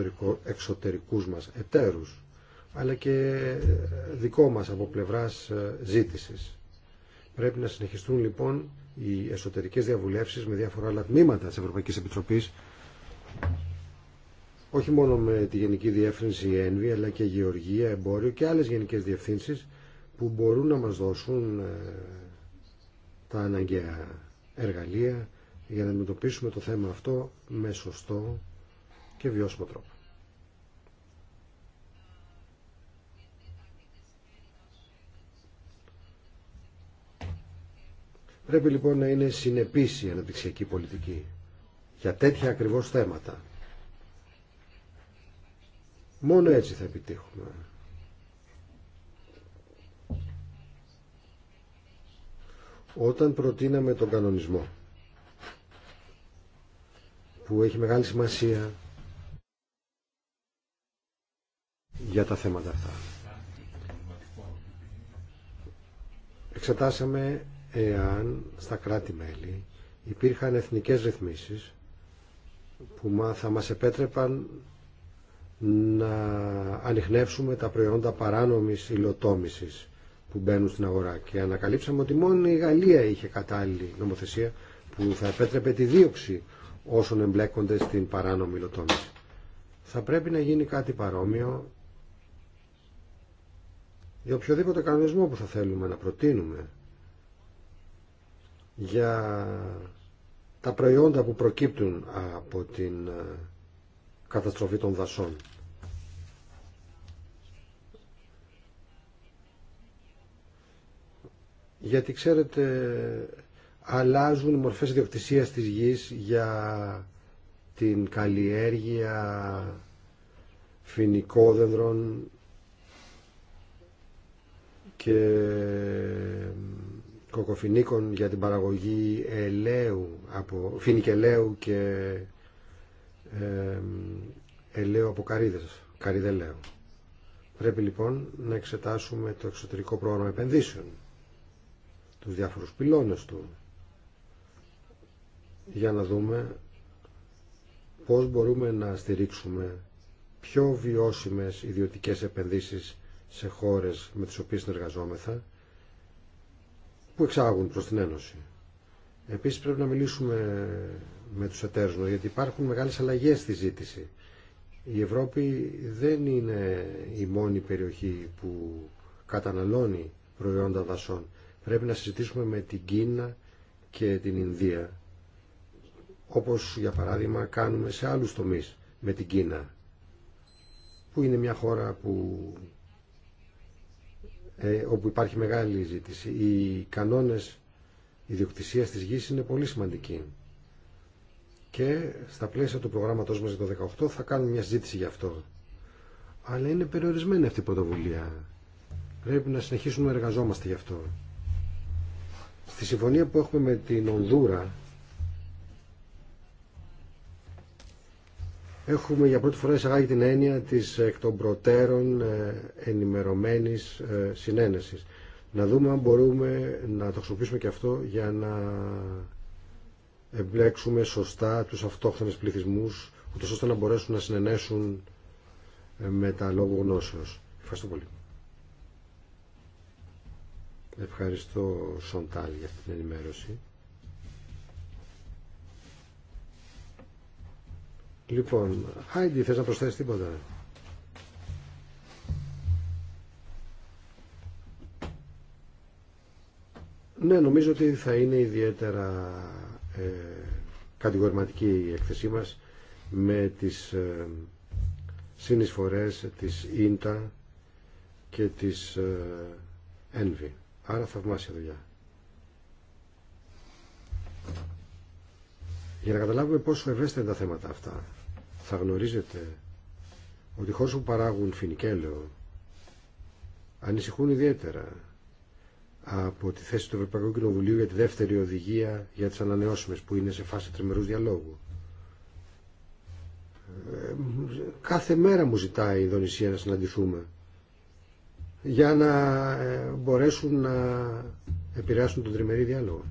εξωτερικούς μας εταίρου, αλλά και ε, δικό μας από πλευρά ε, ζήτησης. Πρέπει να συνεχιστούν λοιπόν οι εσωτερικές διαβουλεύσεις με διάφορα άλλα τμήματα τη Ευρωπαϊκή Επιτροπή όχι μόνο με τη Γενική Διεύθυνση ΕΝΒΙ αλλά και Γεωργία, Εμπόριο και άλλες γενικές διευθύνσεις που μπορούν να μας δώσουν ε, τα αναγκαία εργαλεία για να αντιμετωπίσουμε το θέμα αυτό με σωστό και βιώσιμο τρόπο. Πρέπει λοιπόν να είναι συνεπής η αναπτυξιακή πολιτική για τέτοια ακριβώς θέματα Μόνο έτσι θα επιτύχουμε. Όταν προτείναμε τον κανονισμό που έχει μεγάλη σημασία για τα θέματα αυτά. Εξετάσαμε εάν στα κράτη-μέλη υπήρχαν εθνικές ρυθμίσεις που θα μας επέτρεπαν να ανοιχνεύσουμε τα προϊόντα παράνομης υλοτόμησης που μπαίνουν στην αγορά και ανακαλύψαμε ότι μόνο η Γαλλία είχε κατάλληλη νομοθεσία που θα επέτρεπε τη δίωξη όσων εμπλέκονται στην παράνομη υλοτόμηση. Θα πρέπει να γίνει κάτι παρόμοιο για οποιοδήποτε κανονισμό που θα θέλουμε να προτείνουμε για τα προϊόντα που προκύπτουν από την ε, καταστροφή των δασών. Γιατί ξέρετε, αλλάζουν οι μορφές ιδιοκτησίας της γης για την καλλιέργεια φινικόδενδρων και κοκοφινίκων για την παραγωγή ελαίου, από, φινικελαίου και ε, ελαίο από καρίδες, καριδελαίο. Πρέπει λοιπόν να εξετάσουμε το εξωτερικό πρόγραμμα επενδύσεων, τους διάφορους πυλώνες του, για να δούμε πώς μπορούμε να στηρίξουμε πιο βιώσιμες ιδιωτικές επενδύσεις σε χώρες με τις οποίες συνεργαζόμεθα, που εξάγουν προς την Ένωση. Επίσης πρέπει να μιλήσουμε με τους εταίρους γιατί υπάρχουν μεγάλες αλλαγές στη ζήτηση. Η Ευρώπη δεν είναι η μόνη περιοχή που καταναλώνει προϊόντα δασών. Πρέπει να συζητήσουμε με την Κίνα και την Ινδία, όπως για παράδειγμα κάνουμε σε άλλους τομείς με την Κίνα, που είναι μια χώρα που ε, όπου υπάρχει μεγάλη ζήτηση. Οι κανόνες ιδιοκτησίας της γης είναι πολύ σημαντικοί και στα πλαίσια του προγράμματός μας για το 2018 θα κάνουμε μια συζήτηση γι' αυτό. Αλλά είναι περιορισμένη αυτή η πρωτοβουλία. Πρέπει να συνεχίσουμε να εργαζόμαστε γι' αυτό. Στη συμφωνία που έχουμε με την Ονδούρα έχουμε για πρώτη φορά εισαγάγει την έννοια της ε, εκ των προτέρων ε, ενημερωμένης ε, συνένεσης. Να δούμε αν μπορούμε να το χρησιμοποιήσουμε και αυτό για να εμπλέξουμε σωστά τους αυτόχθονες πληθυσμούς, ούτως ώστε να μπορέσουν να συνενέσουν ε, με τα λόγου γνώσεως. Ευχαριστώ πολύ. Ευχαριστώ Σοντάλ για αυτή την ενημέρωση. Λοιπόν, Άιντι, θες να προσθέσεις τίποτα. Ναι, νομίζω ότι θα είναι ιδιαίτερα ε, κατηγορηματική η έκθεσή μας με τις ε, συνεισφορές της ίντα και της ένβη. Ε, Άρα θαυμάσια δουλειά. Για να καταλάβουμε πόσο ευαίσθητα είναι τα θέματα αυτά, θα γνωρίζετε ότι χώρες που παράγουν φινικέλαιο ανησυχούν ιδιαίτερα από τη θέση του Ευρωπαϊκού Κοινοβουλίου για τη δεύτερη οδηγία για τις ανανεώσιμες που είναι σε φάση τριμερούς διαλόγου. Ε, κάθε μέρα μου ζητάει η Ινδονησία να συναντηθούμε για να ε, μπορέσουν να επηρεάσουν τον τριμερή διάλογο.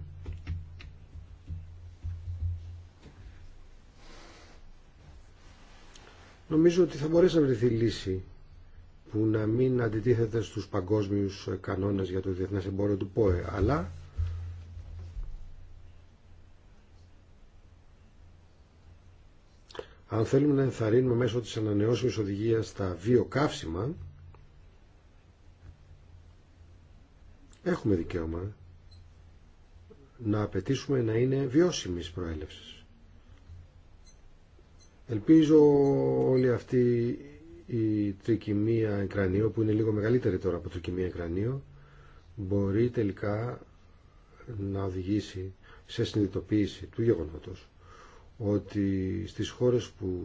Νομίζω ότι θα μπορέσει να βρεθεί λύση που να μην αντιτίθεται στους παγκόσμιους κανόνες για το διεθνές εμπόριο του ΠΟΕ, αλλά αν θέλουμε να ενθαρρύνουμε μέσω της ανανεώσιμης οδηγίας τα βιοκαύσιμα, έχουμε δικαίωμα να απαιτήσουμε να είναι βιώσιμης προέλευσης. Ελπίζω όλοι αυτοί η τρικυμία εγκρανίου που είναι λίγο μεγαλύτερη τώρα από τρικυμία εγκρανίου μπορεί τελικά να οδηγήσει σε συνειδητοποίηση του γεγονότος ότι στις χώρες που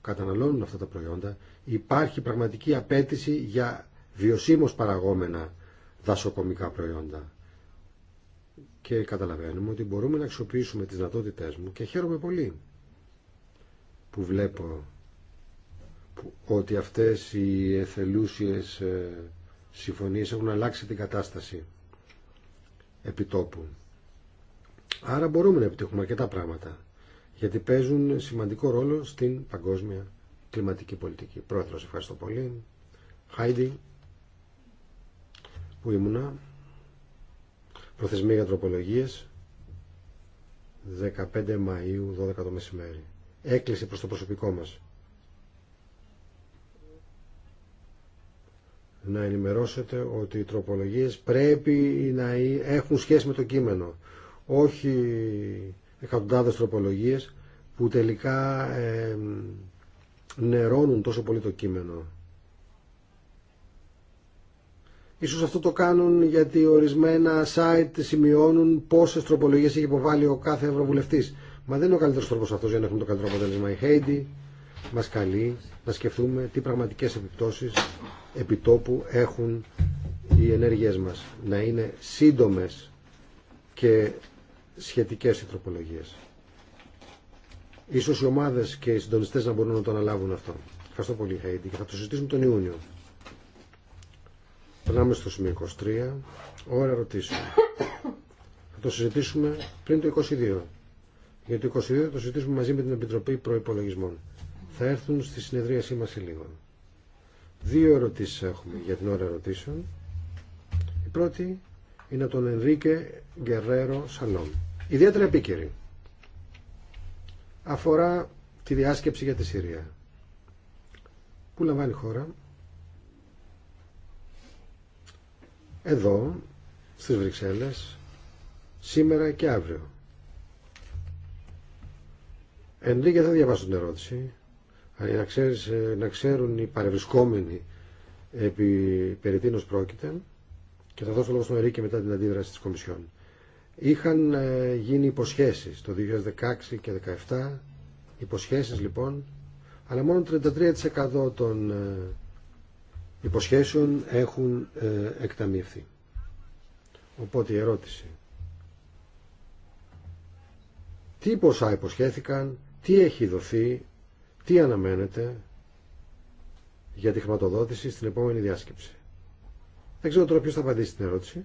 καταναλώνουν αυτά τα προϊόντα υπάρχει πραγματική απέτηση για βιωσίμως παραγόμενα δασοκομικά προϊόντα. Και καταλαβαίνουμε ότι μπορούμε να αξιοποιήσουμε τις δυνατότητές μου και χαίρομαι πολύ που βλέπω ότι αυτές οι εθελούσιες ε, συμφωνίες έχουν αλλάξει την κατάσταση επιτόπου. Άρα μπορούμε να επιτύχουμε αρκετά πράγματα, γιατί παίζουν σημαντικό ρόλο στην παγκόσμια κλιματική πολιτική. Πρόεδρος, ευχαριστώ πολύ. Χάιντι, που ήμουνα, προθεσμία για τροπολογίες, 15 Μαΐου, 12 το μεσημέρι. Έκλεισε προς το προσωπικό μας. να ενημερώσετε ότι οι τροπολογίες πρέπει να έχουν σχέση με το κείμενο. Όχι εκατοντάδες τροπολογίες που τελικά ε, νερώνουν τόσο πολύ το κείμενο. Ίσως αυτό το κάνουν γιατί ορισμένα site σημειώνουν πόσες τροπολογίες έχει υποβάλει ο κάθε ευρωβουλευτής. Μα δεν είναι ο καλύτερος τρόπος αυτός για να έχουν το καλύτερο αποτέλεσμα. Η μας καλεί να σκεφτούμε τι πραγματικές επιπτώσεις επιτόπου έχουν οι ενέργειές μας. Να είναι σύντομες και σχετικές οι τροπολογίες. Ίσως οι ομάδες και οι συντονιστές να μπορούν να το αναλάβουν αυτό. Ευχαριστώ πολύ Χαίτη, και θα το συζητήσουμε τον Ιούνιο. Περνάμε στο σημείο 23. Ώρα ρωτήσω. θα το συζητήσουμε πριν το 22. Γιατί το 22 θα το συζητήσουμε μαζί με την Επιτροπή Προϋπολογισμών θα έρθουν στη συνεδρίασή μας σε λίγο. Δύο ερωτήσεις έχουμε για την ώρα ερωτήσεων. Η πρώτη είναι τον Ενρίκε Γκερέρο Σαλόμ. Ιδιαίτερα επίκαιρη. Αφορά τη διάσκεψη για τη Συρία. Πού λαμβάνει η χώρα. Εδώ, στις Βρυξέλλες, σήμερα και αύριο. Ενρίκε, θα διαβάσω την ερώτηση. Ε, να, ε, να ξέρουν οι παρευρισκόμενοι επί περί πρόκειται και θα δώσω λόγο στον Ερή μετά την αντίδραση της Κομισιόν. Είχαν ε, γίνει υποσχέσεις το 2016 και 2017, υποσχέσεις λοιπόν, αλλά μόνο 33% των υποσχέσεων έχουν εκταμιευθεί. Οπότε η ερώτηση. Τι ποσά υποσχέθηκαν, τι έχει δοθεί τι αναμένετε για τη χρηματοδότηση στην επόμενη διάσκεψη. Δεν ξέρω τώρα ποιος θα απαντήσει την ερώτηση.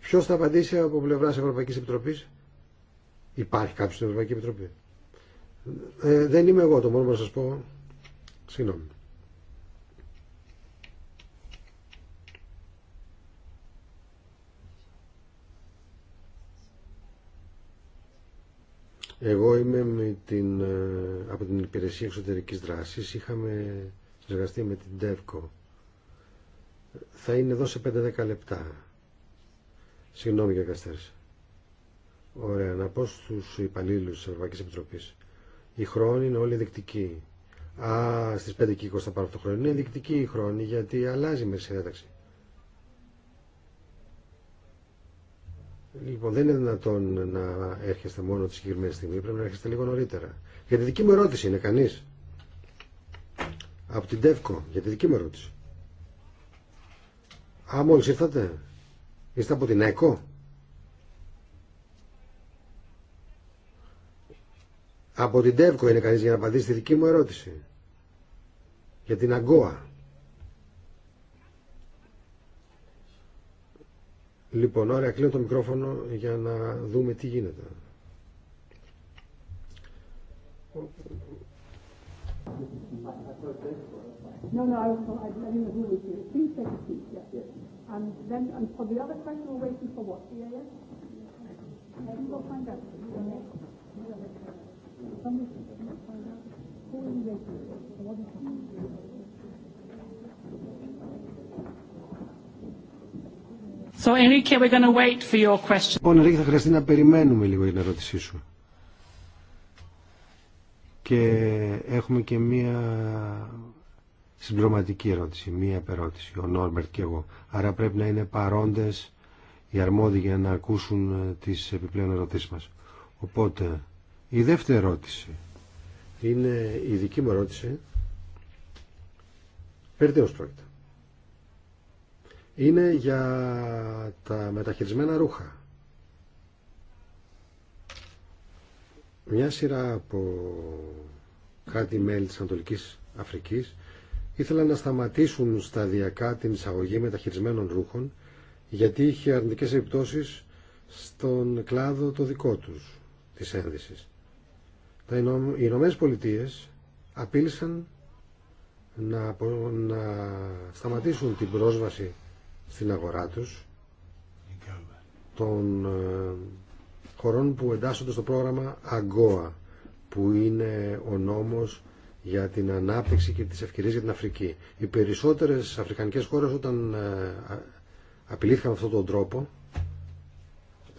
Ποιο θα απαντήσει από πλευρά Ευρωπαϊκή Επιτροπής. Υπάρχει κάποιο στην Ευρωπαϊκή Επιτροπή. Ε, δεν είμαι εγώ το μόνο που να σα πω. Συγγνώμη. Εγώ είμαι με την, ε, από την Υπηρεσία Εξωτερικής Δράσης. Είχαμε συνεργαστεί με την ΤΕΒΚΟ. Θα είναι εδώ σε 5-10 λεπτά. Συγγνώμη για καθυστέρηση. Ωραία, να πω στους υπαλλήλους της Ευρωπαϊκής Επιτροπής. Οι χρόνοι είναι όλοι δεκτική. Α, στις 5 και 20 θα πάρω το χρόνο. Είναι δεκτική οι χρόνοι γιατί αλλάζει η μεσή Λοιπόν, δεν είναι δυνατόν να έρχεστε μόνο τη συγκεκριμένη στιγμή, πρέπει να έρχεστε λίγο νωρίτερα. Για τη δική μου ερώτηση είναι κανεί. Από την ΤΕΒΚΟ, για τη δική μου ερώτηση. Α, μόλι ήρθατε. Είστε από την ΕΚΟ. Από την ΤΕΒΚΟ είναι κανεί για να απαντήσει τη δική μου ερώτηση. Για την ΑΓΚΟΑ. Λοιπόν, ωραία, κλείνω το μικρόφωνο για να δούμε τι γίνεται. No, no, I, So, Enrique, we're going to wait for your question. Λοιπόν, Enrique, θα χρειαστεί να περιμένουμε λίγο για την ερώτησή σου. Και έχουμε και μία συμπληρωματική ερώτηση, μία περώτηση, ο Νόρμπερτ και εγώ. Άρα πρέπει να είναι παρόντες οι αρμόδιοι για να ακούσουν ε, τις επιπλέον ερωτήσεις μας. Οπότε, η δεύτερη ερώτηση είναι η δική μου ερώτηση. Περί πρόκειται είναι για τα μεταχειρισμένα ρούχα. Μια σειρά από κάτι μέλη της Ανατολικής Αφρικής ήθελαν να σταματήσουν σταδιακά την εισαγωγή μεταχειρισμένων ρούχων γιατί είχε αρνητικές επιπτώσεις στον κλάδο το δικό τους της ένδυσης. Οι Ηνωμένες Πολιτείες απείλησαν να, να σταματήσουν την πρόσβαση στην αγορά τους των ε, χωρών που εντάσσονται στο πρόγραμμα ΑΓΚΟΑ που είναι ο νόμος για την ανάπτυξη και τις ευκαιρίες για την Αφρική. Οι περισσότερες αφρικανικές χώρες όταν ε, απειλήθηκαν με αυτόν τον τρόπο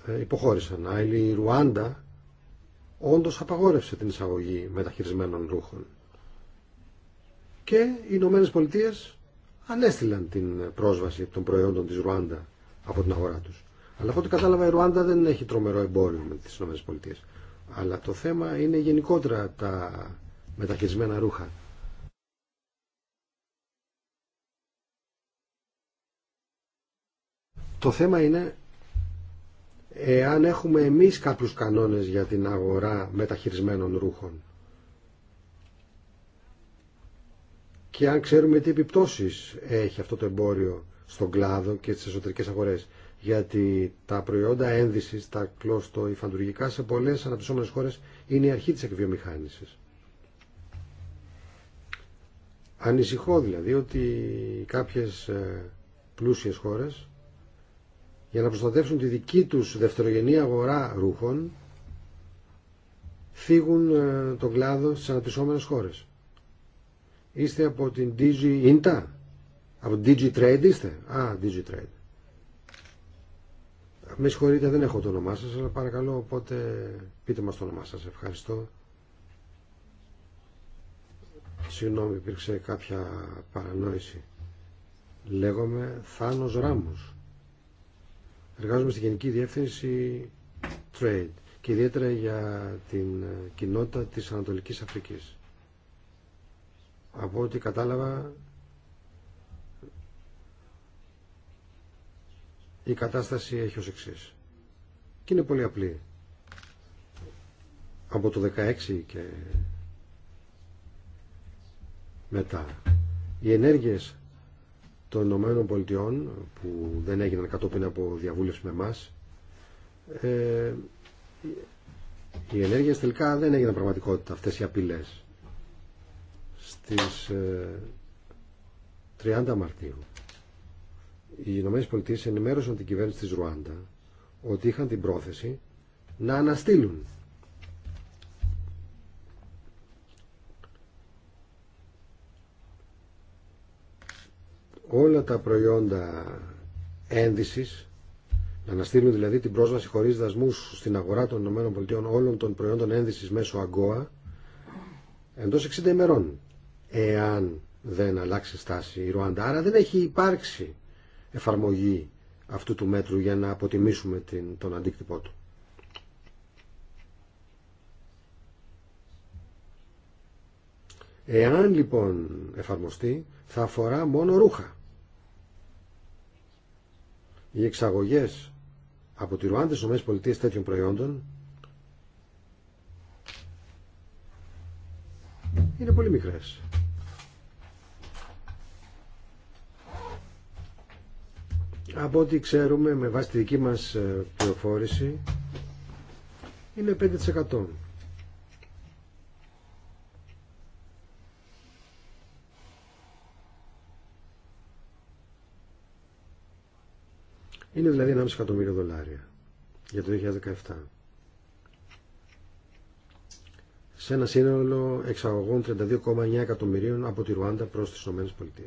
ε, υποχώρησαν. Αλλά η Ρουάντα όντως απαγόρευσε την εισαγωγή μεταχειρισμένων ρούχων. Και οι Ηνωμένε Πολιτείες ανέστηλαν την πρόσβαση των προϊόντων της Ρουάντα από την αγορά τους. Αλλά από ό,τι κατάλαβα η Ρουάντα δεν έχει τρομερό εμπόριο με τις ΗΠΑ. Αλλά το θέμα είναι γενικότερα τα μεταχειρισμένα ρούχα. Το θέμα είναι εάν έχουμε εμείς κάποιους κανόνες για την αγορά μεταχειρισμένων ρούχων. και αν ξέρουμε τι επιπτώσεις έχει αυτό το εμπόριο στον κλάδο και στις εσωτερικές αγορές. Γιατί τα προϊόντα ένδυσης, τα κλώστο υφαντουργικά σε πολλές αναπτυσσόμενες χώρες είναι η αρχή της εκβιομηχάνησης. Ανησυχώ δηλαδή ότι κάποιες ε, πλούσιες χώρες για να προστατεύσουν τη δική τους δευτερογενή αγορά ρούχων φύγουν ε, τον κλάδο στις αναπτυσσόμενες χώρες. Είστε από την Digi Inta. Από την DG Trade είστε. Α, DG Trade. Με συγχωρείτε, δεν έχω το όνομά σα, αλλά παρακαλώ, οπότε πείτε μας το όνομά σα. Ευχαριστώ. Συγγνώμη, υπήρξε κάποια παρανόηση. Λέγομαι Θάνος Ράμος. Εργάζομαι στη Γενική Διεύθυνση Trade και ιδιαίτερα για την κοινότητα της Ανατολικής Αφρικής. Από ό,τι κατάλαβα η κατάσταση έχει ως εξή Και είναι πολύ απλή. Από το 16 και μετά. Οι ενέργειες των Ηνωμένων Πολιτειών που δεν έγιναν κατόπιν από διαβούλευση με εμάς ε, οι ενέργειες τελικά δεν έγιναν πραγματικότητα αυτές οι απειλές στις 30 ε, Μαρτίου οι Ηνωμένες Πολιτείες ενημέρωσαν την κυβέρνηση της Ρουάντα ότι είχαν την πρόθεση να αναστείλουν όλα τα προϊόντα ένδυσης να αναστείλουν δηλαδή την πρόσβαση χωρίς δασμούς στην αγορά των ΗΠΑ όλων των προϊόντων ένδυσης μέσω αγκόα εντός 60 ημερών εάν δεν αλλάξει στάση η Ρουάντα. Άρα δεν έχει υπάρξει εφαρμογή αυτού του μέτρου για να αποτιμήσουμε την, τον αντίκτυπό του. Εάν λοιπόν εφαρμοστεί θα αφορά μόνο ρούχα. Οι εξαγωγές από τη Ρουάντα στις ΗΠΑ τέτοιων προϊόντων είναι πολύ μικρές. Από ό,τι ξέρουμε με βάση τη δική μας ε, πληροφόρηση είναι 5%. Είναι δηλαδή 1,5 εκατομμύριο δολάρια για το 2017. Σε ένα σύνολο εξαγωγών 32,9 εκατομμυρίων από τη Ρουάντα προς τις ΗΠΑ.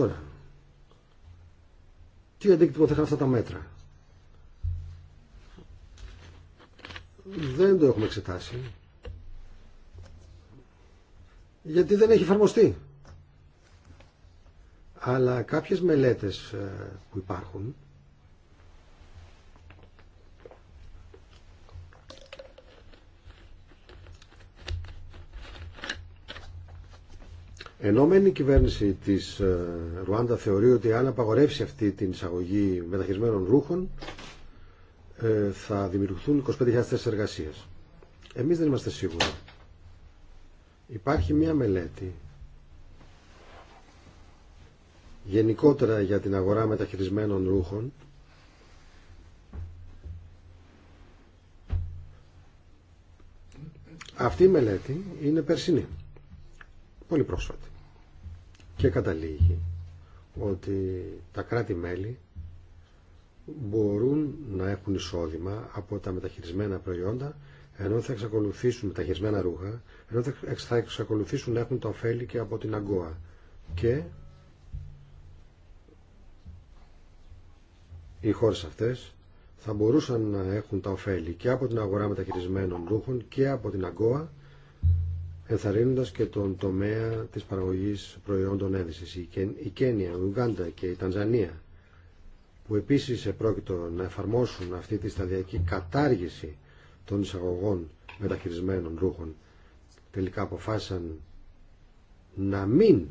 Τώρα, τι αντίκτυπο θα είχαν αυτά τα μέτρα. Δεν το έχουμε εξετάσει. Γιατί δεν έχει εφαρμοστεί. Αλλά κάποιες μελέτες ε, που υπάρχουν Ενώ η κυβέρνηση της ε, Ρουάντα θεωρεί ότι αν απαγορεύσει αυτή την εισαγωγή μεταχειρισμένων ρούχων ε, θα δημιουργηθούν 25.000 θέσει εργασία. Εμείς δεν είμαστε σίγουροι. Υπάρχει μία μελέτη γενικότερα για την αγορά μεταχειρισμένων ρούχων Αυτή η μελέτη είναι περσινή. Πολύ πρόσφατη και καταλήγει ότι τα κράτη-μέλη μπορούν να έχουν εισόδημα από τα μεταχειρισμένα προϊόντα ενώ θα εξακολουθήσουν μεταχειρισμένα ρούχα ενώ θα εξακολουθήσουν να έχουν τα ωφέλη και από την αγκώα και οι χώρες αυτές θα μπορούσαν να έχουν τα ωφέλη και από την αγορά μεταχειρισμένων ρούχων και από την αγκώα ενθαρρύνοντας και τον τομέα της παραγωγής προϊόντων ένδυσης. Η Κένια, η Ουγγάντα και η Τανζανία που επίσης επρόκειτο να εφαρμόσουν αυτή τη σταδιακή κατάργηση των εισαγωγών μεταχειρισμένων ρούχων τελικά αποφάσισαν να μην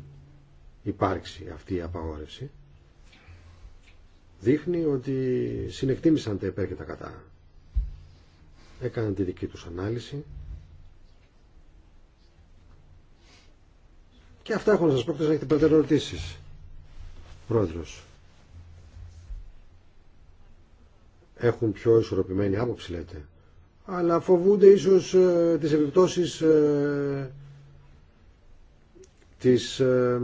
υπάρξει αυτή η απαγόρευση δείχνει ότι συνεκτίμησαν τα υπέρ κατά. Έκαναν τη δική τους ανάλυση Και αυτά έχω να σας πω να έχετε περαιτέρω ερωτήσεις. Πρόεδρος. Έχουν πιο ισορροπημένη άποψη λέτε. Αλλά φοβούνται ίσως ε, τις επιπτώσεις ε, της ε,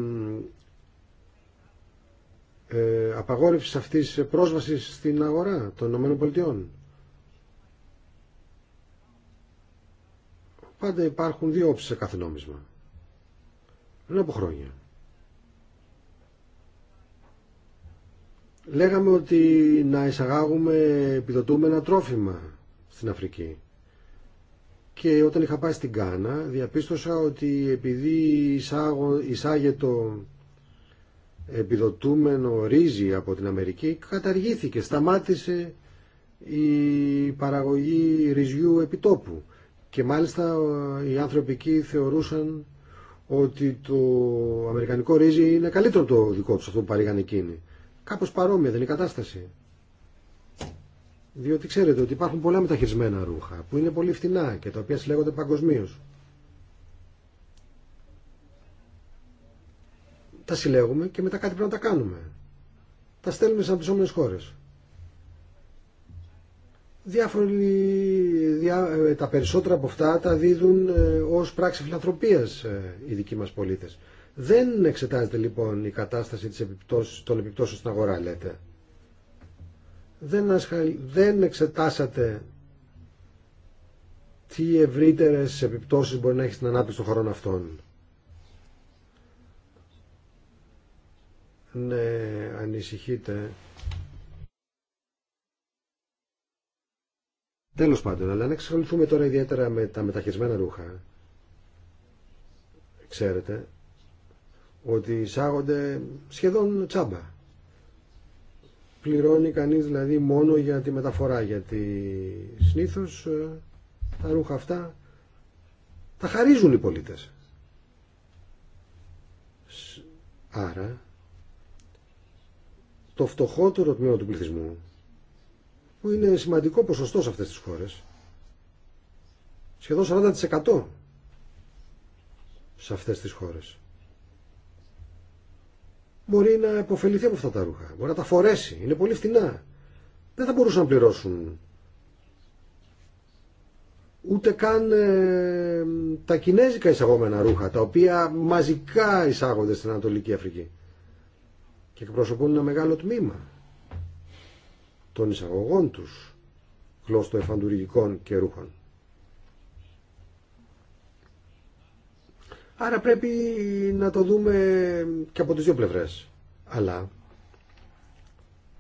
ε, απαγόρευσης αυτής πρόσβασης στην αγορά των ΗΠΑ. Πάντα υπάρχουν δύο όψεις σε κάθε νόμισμα πριν από χρόνια. Λέγαμε ότι να εισαγάγουμε επιδοτούμενα τρόφιμα στην Αφρική. Και όταν είχα πάει στην Κάνα διαπίστωσα ότι επειδή το επιδοτούμενο ρύζι από την Αμερική καταργήθηκε, σταμάτησε η παραγωγή ρυζιού επιτόπου. Και μάλιστα ε, οι άνθρωποι εκεί θεωρούσαν ότι το αμερικανικό ρύζι είναι καλύτερο το δικό του αυτό που παρήγαν εκείνοι. Κάπως παρόμοια δεν είναι η κατάσταση. Διότι ξέρετε ότι υπάρχουν πολλά μεταχειρισμένα ρούχα που είναι πολύ φτηνά και τα οποία συλλέγονται παγκοσμίω. Τα συλλέγουμε και μετά κάτι πρέπει να τα κάνουμε. Τα στέλνουμε σαν αναπτυσσόμενε χώρε Διάφοροι, ε, τα περισσότερα από αυτά τα δίδουν ε, ως πράξη φιλανθρωπίας ε, οι δικοί μας πολίτες. Δεν εξετάζεται λοιπόν η κατάσταση της επιπτώσης, των επιπτώσεων στην αγορά, λέτε. Δεν, δεν εξετάσατε τι ευρύτερες επιπτώσεις μπορεί να έχει στην ανάπτυξη των χωρών αυτών. Ναι, ανησυχείτε Τέλος πάντων, αλλά αν εξασχοληθούμε τώρα ιδιαίτερα με τα μεταχειρισμένα ρούχα, ξέρετε ότι εισάγονται σχεδόν τσάμπα. Πληρώνει κανείς δηλαδή μόνο για τη μεταφορά, γιατί συνήθως ε, τα ρούχα αυτά τα χαρίζουν οι πολίτες. Άρα, το φτωχότερο τμήμα του πληθυσμού που είναι σημαντικό ποσοστό σε αυτές τις χώρες. Σχεδόν 40% σε αυτές τις χώρες. Μπορεί να επωφεληθεί από αυτά τα ρούχα. Μπορεί να τα φορέσει. Είναι πολύ φτηνά. Δεν θα μπορούσαν να πληρώσουν ούτε καν ε, τα κινέζικα εισαγόμενα ρούχα, τα οποία μαζικά εισάγονται στην Ανατολική Αφρική και εκπροσωπούν ένα μεγάλο τμήμα των εισαγωγών τους κλώστο εφαντουργικών και ρούχων. Άρα πρέπει να το δούμε και από τις δύο πλευρές. Αλλά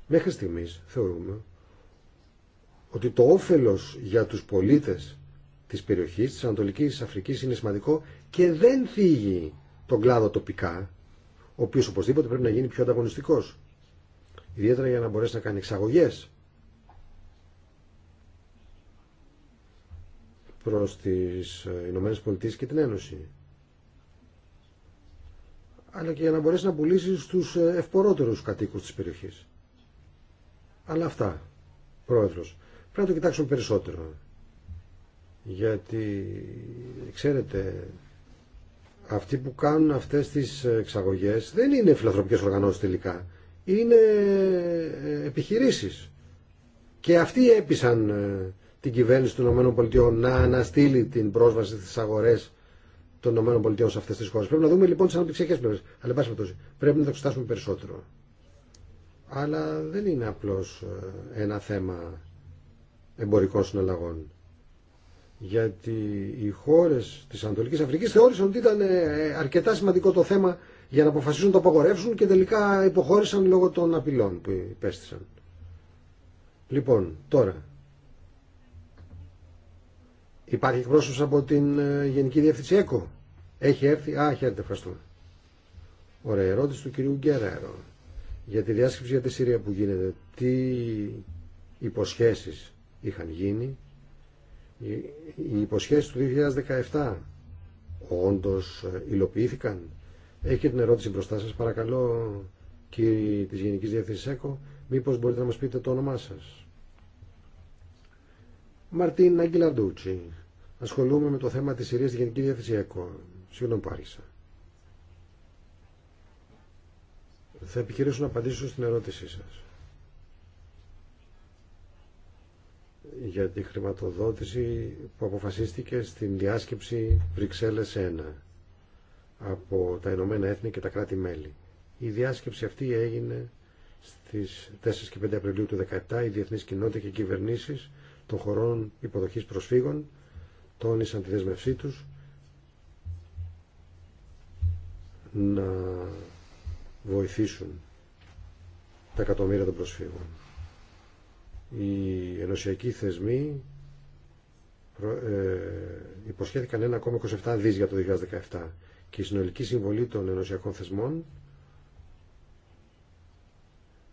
μέχρι στιγμής θεωρούμε ότι το όφελος για τους πολίτες της περιοχής της Ανατολικής Αφρικής είναι σημαντικό και δεν θίγει τον κλάδο τοπικά, ο οποίος οπωσδήποτε πρέπει να γίνει πιο ανταγωνιστικός ιδιαίτερα για να μπορέσει να κάνει εξαγωγές προς τις ε, Ηνωμένες Πολιτείες και την Ένωση αλλά και για να μπορέσει να πουλήσει στους ε, ευπορότερους κατοίκους της περιοχής. Αλλά αυτά, πρόεδρος, πρέπει να το κοιτάξουμε περισσότερο. Γιατί, ξέρετε, αυτοί που κάνουν αυτές τις εξαγωγές δεν είναι φιλανθρωπικές οργανώσεις τελικά είναι ε, επιχειρήσεις. Και αυτοί έπεισαν ε, την κυβέρνηση των ΗΠΑ να αναστείλει την πρόσβαση στις αγορές των ΗΠΑ σε αυτές τις χώρες. Πρέπει να δούμε λοιπόν τις αναπτυξιακές πλευρές. Αλλά πάση πρέπει να τα εξετάσουμε περισσότερο. Αλλά δεν είναι απλώς ε, ένα θέμα εμπορικών συναλλαγών. Γιατί οι χώρες της Ανατολικής Αφρικής θεώρησαν ότι ήταν αρκετά σημαντικό το θέμα για να αποφασίσουν να το απαγορεύσουν και τελικά υποχώρησαν λόγω των απειλών που υπέστησαν. Λοιπόν, τώρα. Υπάρχει εκπρόσωπος από την ε, Γενική Διεύθυνση ΕΚΟ. Έχει έρθει. Α, χαίρετε, ευχαριστούμε. Ωραία, ερώτηση του κυρίου Γκεραέρο. Για τη διάσκεψη για τη Συρία που γίνεται, τι υποσχέσεις είχαν γίνει. Οι υποσχέσεις του 2017 όντως ε, υλοποιήθηκαν Έχετε την ερώτηση μπροστά σα, Παρακαλώ, κύριοι της Γενικής Διεύθυνσης ΕΚΟ, μήπως μπορείτε να μας πείτε το όνομά σας. Μαρτίν Αγγιλαντούτσι. Ασχολούμαι με το θέμα της Συρία στη Γενική Διεύθυνση ΕΚΟ. Συγγνώμη που άρχισα. Θα επιχειρήσω να απαντήσω στην ερώτησή σας. για τη χρηματοδότηση που αποφασίστηκε στην διάσκεψη Βρυξέλλες 1 από τα Ηνωμένα Έθνη και τα κράτη-μέλη. Η διάσκεψη αυτή έγινε στις 4 και 5 Απριλίου του 2017. Οι διεθνής κοινότητα και κυβερνήσει κυβερνήσεις των χωρών υποδοχής προσφύγων τόνισαν τη δέσμευσή τους να βοηθήσουν τα εκατομμύρια των προσφύγων. Οι ενωσιακοί θεσμοί ε, υποσχέθηκαν 1,27 δις για το 2017 και η συνολική συμβολή των ενωσιακών θεσμών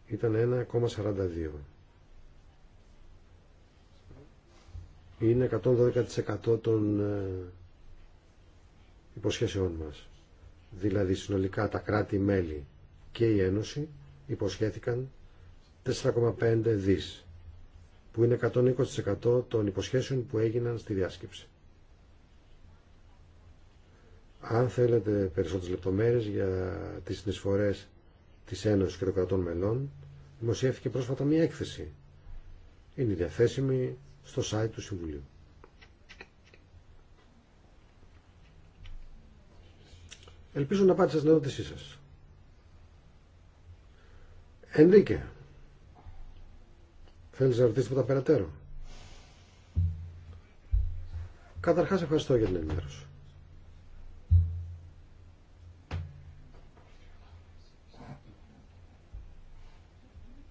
ήταν 1,42. Είναι 112% των ε, υποσχέσεών μας. Δηλαδή συνολικά τα κράτη-μέλη και η Ένωση υποσχέθηκαν 4,5 δις, που είναι 120% των υποσχέσεων που έγιναν στη διάσκεψη. Αν θέλετε περισσότερες λεπτομέρειες για τις συνεισφορές της Ένωσης και των κρατών μελών, δημοσιεύθηκε πρόσφατα μία έκθεση. Είναι διαθέσιμη στο site του Συμβουλίου. Ελπίζω να πάτε στην ερώτησή σας. Ενρίκε, θέλεις να ρωτήσεις τίποτα περαιτέρω. Καταρχάς ευχαριστώ για την ενημέρωση.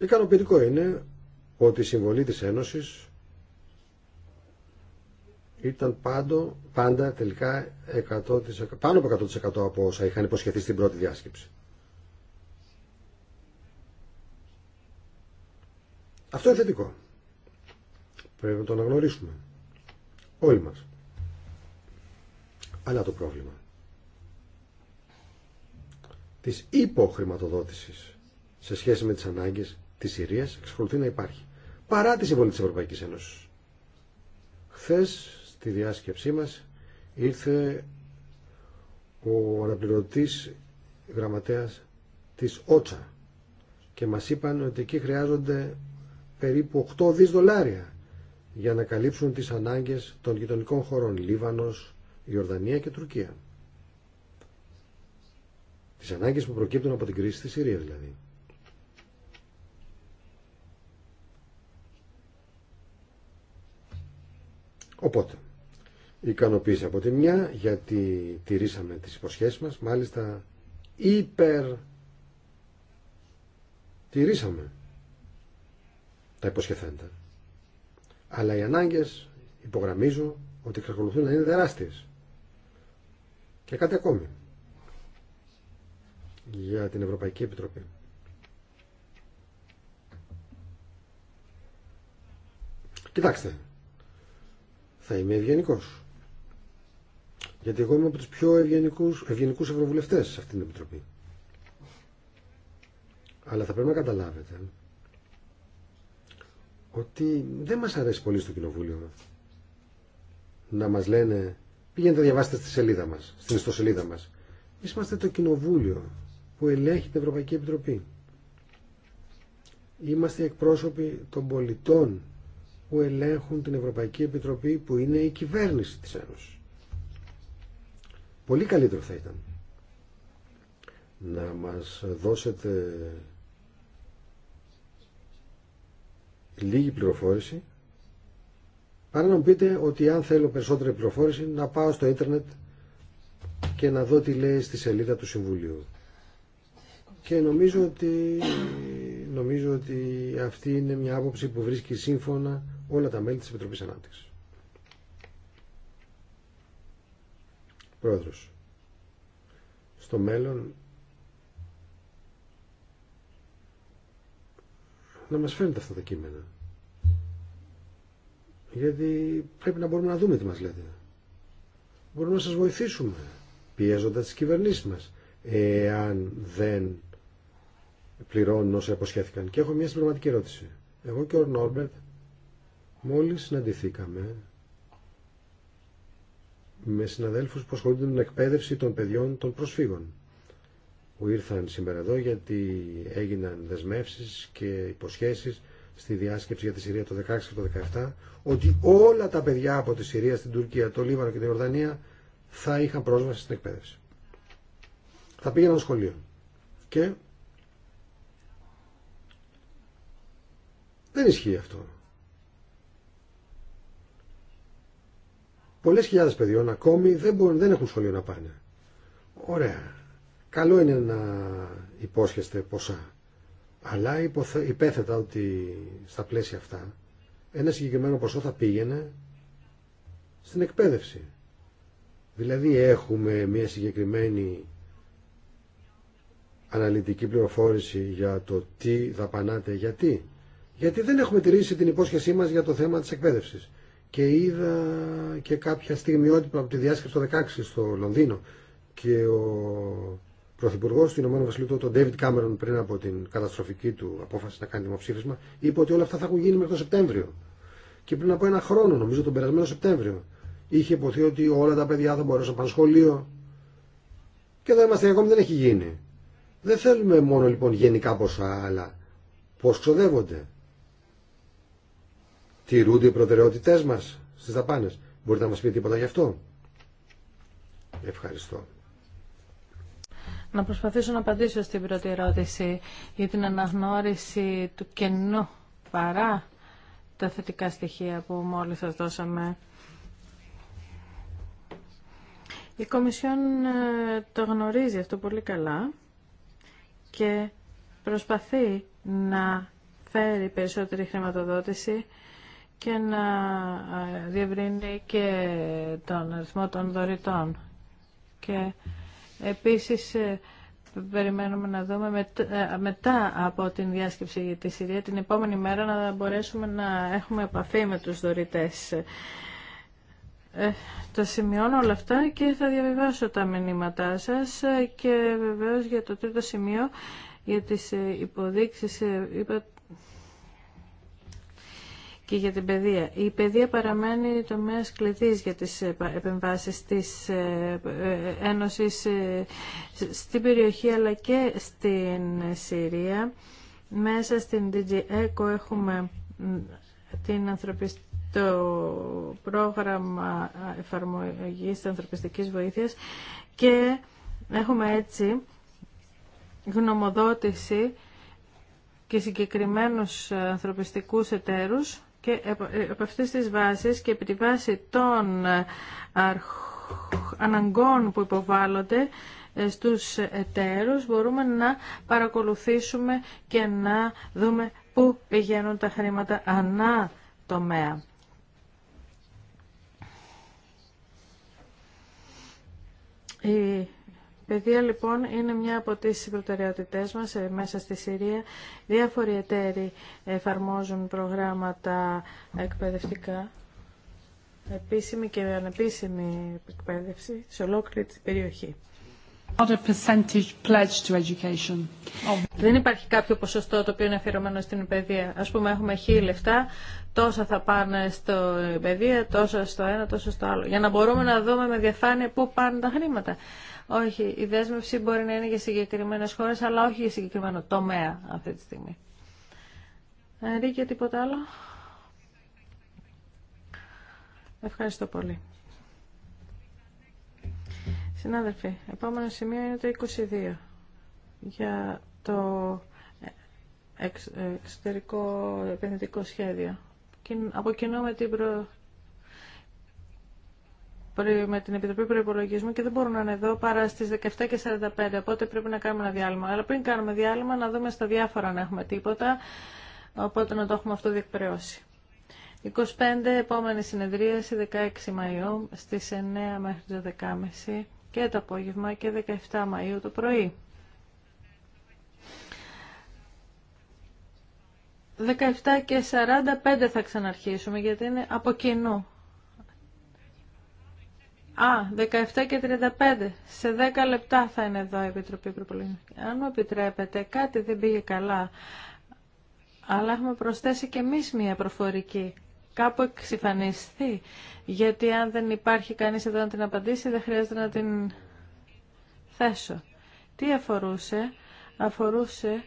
Ικανοποιητικό είναι ότι η συμβολή της Ένωσης ήταν πάντο, πάντα τελικά 100%, πάνω από 100% από όσα είχαν υποσχεθεί στην πρώτη διάσκεψη. Αυτό είναι θετικό. Πρέπει να το αναγνωρίσουμε. Όλοι μας. Αλλά το πρόβλημα της υποχρηματοδότησης σε σχέση με τις ανάγκες Τη Συρία εξακολουθεί να υπάρχει. Παρά τη συμβολή τη Ευρωπαϊκής Ένωση. Χθε στη διάσκεψή μας ήρθε ο αναπληρωτή γραμματέας της ΟΤΣΑ και μας είπαν ότι εκεί χρειάζονται περίπου 8 δις δολάρια για να καλύψουν τις ανάγκες των γειτονικών χωρών Λίβανος, Ιορδανία και Τουρκία. Τις ανάγκες που προκύπτουν από την κρίση στη Συρία δηλαδή. Οπότε, ικανοποίηση από τη μια γιατί τηρήσαμε τις υποσχέσεις μας, μάλιστα υπερ τηρήσαμε τα υποσχεθέντα. Αλλά οι ανάγκες υπογραμμίζω ότι εξακολουθούν να είναι τεράστιες. Και κάτι ακόμη για την Ευρωπαϊκή Επιτροπή. Κοιτάξτε, θα είμαι ευγενικό. Γιατί εγώ είμαι από του πιο ευγενικού ευρωβουλευτέ σε αυτήν την επιτροπή. Αλλά θα πρέπει να καταλάβετε ότι δεν μας αρέσει πολύ στο κοινοβούλιο να μας λένε πηγαίνετε να διαβάσετε στη σελίδα μας, στην ιστοσελίδα μας. Εμείς είμαστε το κοινοβούλιο που ελέγχει την Ευρωπαϊκή Επιτροπή. Είμαστε εκπρόσωποι των πολιτών που ελέγχουν την Ευρωπαϊκή Επιτροπή που είναι η κυβέρνηση της Ένωσης. Πολύ καλύτερο θα ήταν να μας δώσετε λίγη πληροφόρηση παρά να μου πείτε ότι αν θέλω περισσότερη πληροφόρηση να πάω στο ίντερνετ και να δω τι λέει στη σελίδα του Συμβουλίου. Και νομίζω ότι, νομίζω ότι αυτή είναι μια άποψη που βρίσκει σύμφωνα όλα τα μέλη της Επιτροπής Ανάπτυξης. Πρόεδρος, στο μέλλον να μας φαίνεται αυτά τα κείμενα. Γιατί πρέπει να μπορούμε να δούμε τι μας λέτε. Μπορούμε να σας βοηθήσουμε πιέζοντας τις κυβερνήσεις μας εάν δεν πληρώνουν όσα υποσχέθηκαν. Και έχω μια συμπληρωματική ερώτηση. Εγώ και ο Νόρμπερτ Μόλις συναντηθήκαμε με συναδέλφους που ασχολούνται με την εκπαίδευση των παιδιών των προσφύγων που ήρθαν σήμερα εδώ γιατί έγιναν δεσμεύσεις και υποσχέσεις στη διάσκεψη για τη Συρία το 16 και το 17 ότι όλα τα παιδιά από τη Συρία στην Τουρκία, το Λίβανο και την Ορδανία θα είχαν πρόσβαση στην εκπαίδευση. Θα πήγαιναν σχολείο. Και δεν ισχύει αυτό. Πολλές χιλιάδες παιδιών ακόμη δεν, μπορούν, δεν έχουν σχολείο να πάνε. Ωραία. Καλό είναι να υπόσχεστε ποσά. Αλλά υπέθετα ότι στα πλαίσια αυτά ένα συγκεκριμένο ποσό θα πήγαινε στην εκπαίδευση. Δηλαδή έχουμε μια συγκεκριμένη αναλυτική πληροφόρηση για το τι δαπανάτε γιατί. Γιατί δεν έχουμε τηρήσει την υπόσχεσή μας για το θέμα της εκπαίδευσης και είδα και κάποια στιγμιότυπα από τη διάσκεψη το 16 στο Λονδίνο και ο Πρωθυπουργό του Ηνωμένου Βασιλείου, τον David Κάμερον, πριν από την καταστροφική του απόφαση να κάνει δημοψήφισμα, είπε ότι όλα αυτά θα έχουν γίνει μέχρι τον Σεπτέμβριο. Και πριν από ένα χρόνο, νομίζω τον περασμένο Σεπτέμβριο, είχε υποθεί ότι όλα τα παιδιά θα μπορούσαν να πάνε σχολείο. Και εδώ είμαστε ακόμη δεν έχει γίνει. Δεν θέλουμε μόνο λοιπόν γενικά ποσά, αλλά πώ ξοδεύονται τηρούνται οι προτεραιότητές μας στι δαπάνε. Μπορείτε να μας πείτε τίποτα γι' αυτό. Ευχαριστώ. Να προσπαθήσω να απαντήσω στην πρώτη ερώτηση για την αναγνώριση του κενού παρά τα θετικά στοιχεία που μόλις σας δώσαμε. Η Κομισιόν ε, το γνωρίζει αυτό πολύ καλά και προσπαθεί να φέρει περισσότερη χρηματοδότηση και να ε, διευρύνει και τον αριθμό των δωρητών. Και επίσης ε, περιμένουμε να δούμε ε, μετά από την διάσκεψη για τη Συρία την επόμενη μέρα να μπορέσουμε να έχουμε επαφή με τους δωρητές. Ε, τα σημειώνω όλα αυτά και θα διαβιβάσω τα μηνύματά σας και βεβαίως για το τρίτο σημείο για τις υποδείξεις είπα και για την παιδεία. Η παιδεία παραμένει το μέσο κλειδί για τις ε, επεμβάσεις της ε, ε, Ένωσης στην περιοχή αλλά και στην Συρία. Μέσα στην DG έχουμε την το πρόγραμμα εφαρμογής της ανθρωπιστικής βοήθειας και έχουμε έτσι γνωμοδότηση και συγκεκριμένους ανθρωπιστικούς εταίρους και ε, από αυτές τις βάσεις και επί τη βάση των ε, αναγκών που υποβάλλονται ε, στους εταίρους μπορούμε να παρακολουθήσουμε και να δούμε πού πηγαίνουν τα χρήματα ανά τομέα. Παιδεία λοιπόν είναι μια από τις προτεραιότητές μας ε, μέσα στη Συρία. Διάφοροι εταίροι εφαρμόζουν προγράμματα εκπαιδευτικά, επίσημη και ανεπίσημη εκπαίδευση σε ολόκληρη την περιοχή. Δεν υπάρχει κάποιο ποσοστό το οποίο είναι αφιερωμένο στην παιδεία. Ας πούμε έχουμε χίλια λεφτά, τόσα θα πάνε στο παιδεία, τόσα στο ένα, τόσα στο άλλο. Για να μπορούμε να δούμε με διαφάνεια πού πάνε τα χρήματα. Όχι, η δέσμευση μπορεί να είναι για συγκεκριμένε χώρε, αλλά όχι για συγκεκριμένο τομέα αυτή τη στιγμή. Ρίκε, τίποτα άλλο. Ευχαριστώ πολύ. Συνάδελφοι, επόμενο σημείο είναι το 22 για το εξωτερικό επενδυτικό σχέδιο. Από με την προ με την Επιτροπή Προπολογισμού και δεν μπορούν να είναι εδώ παρά στις 17.45, οπότε πρέπει να κάνουμε ένα διάλειμμα. Αλλά πριν κάνουμε διάλειμμα να δούμε στα διάφορα αν έχουμε τίποτα, οπότε να το έχουμε αυτό διεκπαιρεώσει. 25, επόμενη συνεδρίαση, 16 Μαΐου, στις 9 μέχρι το 12.30 και το απόγευμα και 17 Μαΐου το πρωί. 17 και 45 θα ξαναρχίσουμε γιατί είναι από κοινού. Α, 17 και 35. Σε 10 λεπτά θα είναι εδώ η Επιτροπή Προπολογισμού. Αν μου επιτρέπετε, κάτι δεν πήγε καλά. Αλλά έχουμε προσθέσει και εμείς μία προφορική. Κάπου εξυφανιστεί. Γιατί αν δεν υπάρχει κανείς εδώ να την απαντήσει, δεν χρειάζεται να την θέσω. Τι αφορούσε. Αφορούσε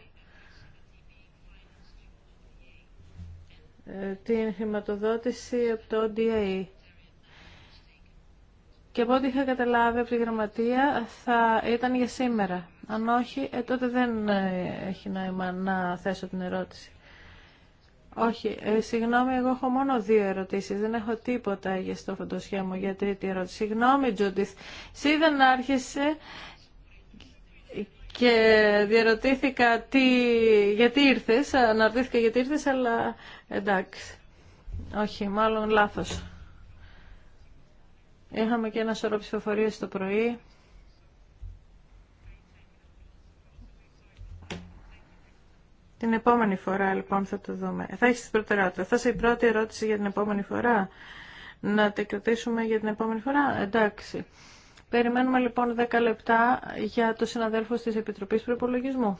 ε, την χρηματοδότηση από το ODA. Και από ό,τι είχα καταλάβει από τη γραμματεία θα ήταν για σήμερα. Αν όχι, ε, τότε δεν ε, έχει νόημα να θέσω την ερώτηση. Όχι, ε, συγγνώμη, εγώ έχω μόνο δύο ερωτήσεις, δεν έχω τίποτα για στο φωτοσχέ για τρίτη ερώτηση. Συγγνώμη, Τζούντιθ, εσύ δεν άρχισε και διαρωτήθηκα τι, γιατί ήρθες, αναρωτήθηκα γιατί ήρθες, αλλά εντάξει, όχι, μάλλον λάθος. Είχαμε και ένα σωρό ψηφοφορίες το πρωί. Την επόμενη φορά λοιπόν θα το δούμε. Ε, θα έχεις προτεραιότητα. Θα είσαι η πρώτη ερώτηση για την επόμενη φορά. Να την κρατήσουμε για την επόμενη φορά. Εντάξει. Περιμένουμε λοιπόν 10 λεπτά για το συναδέλφο της Επιτροπής Προπολογισμού.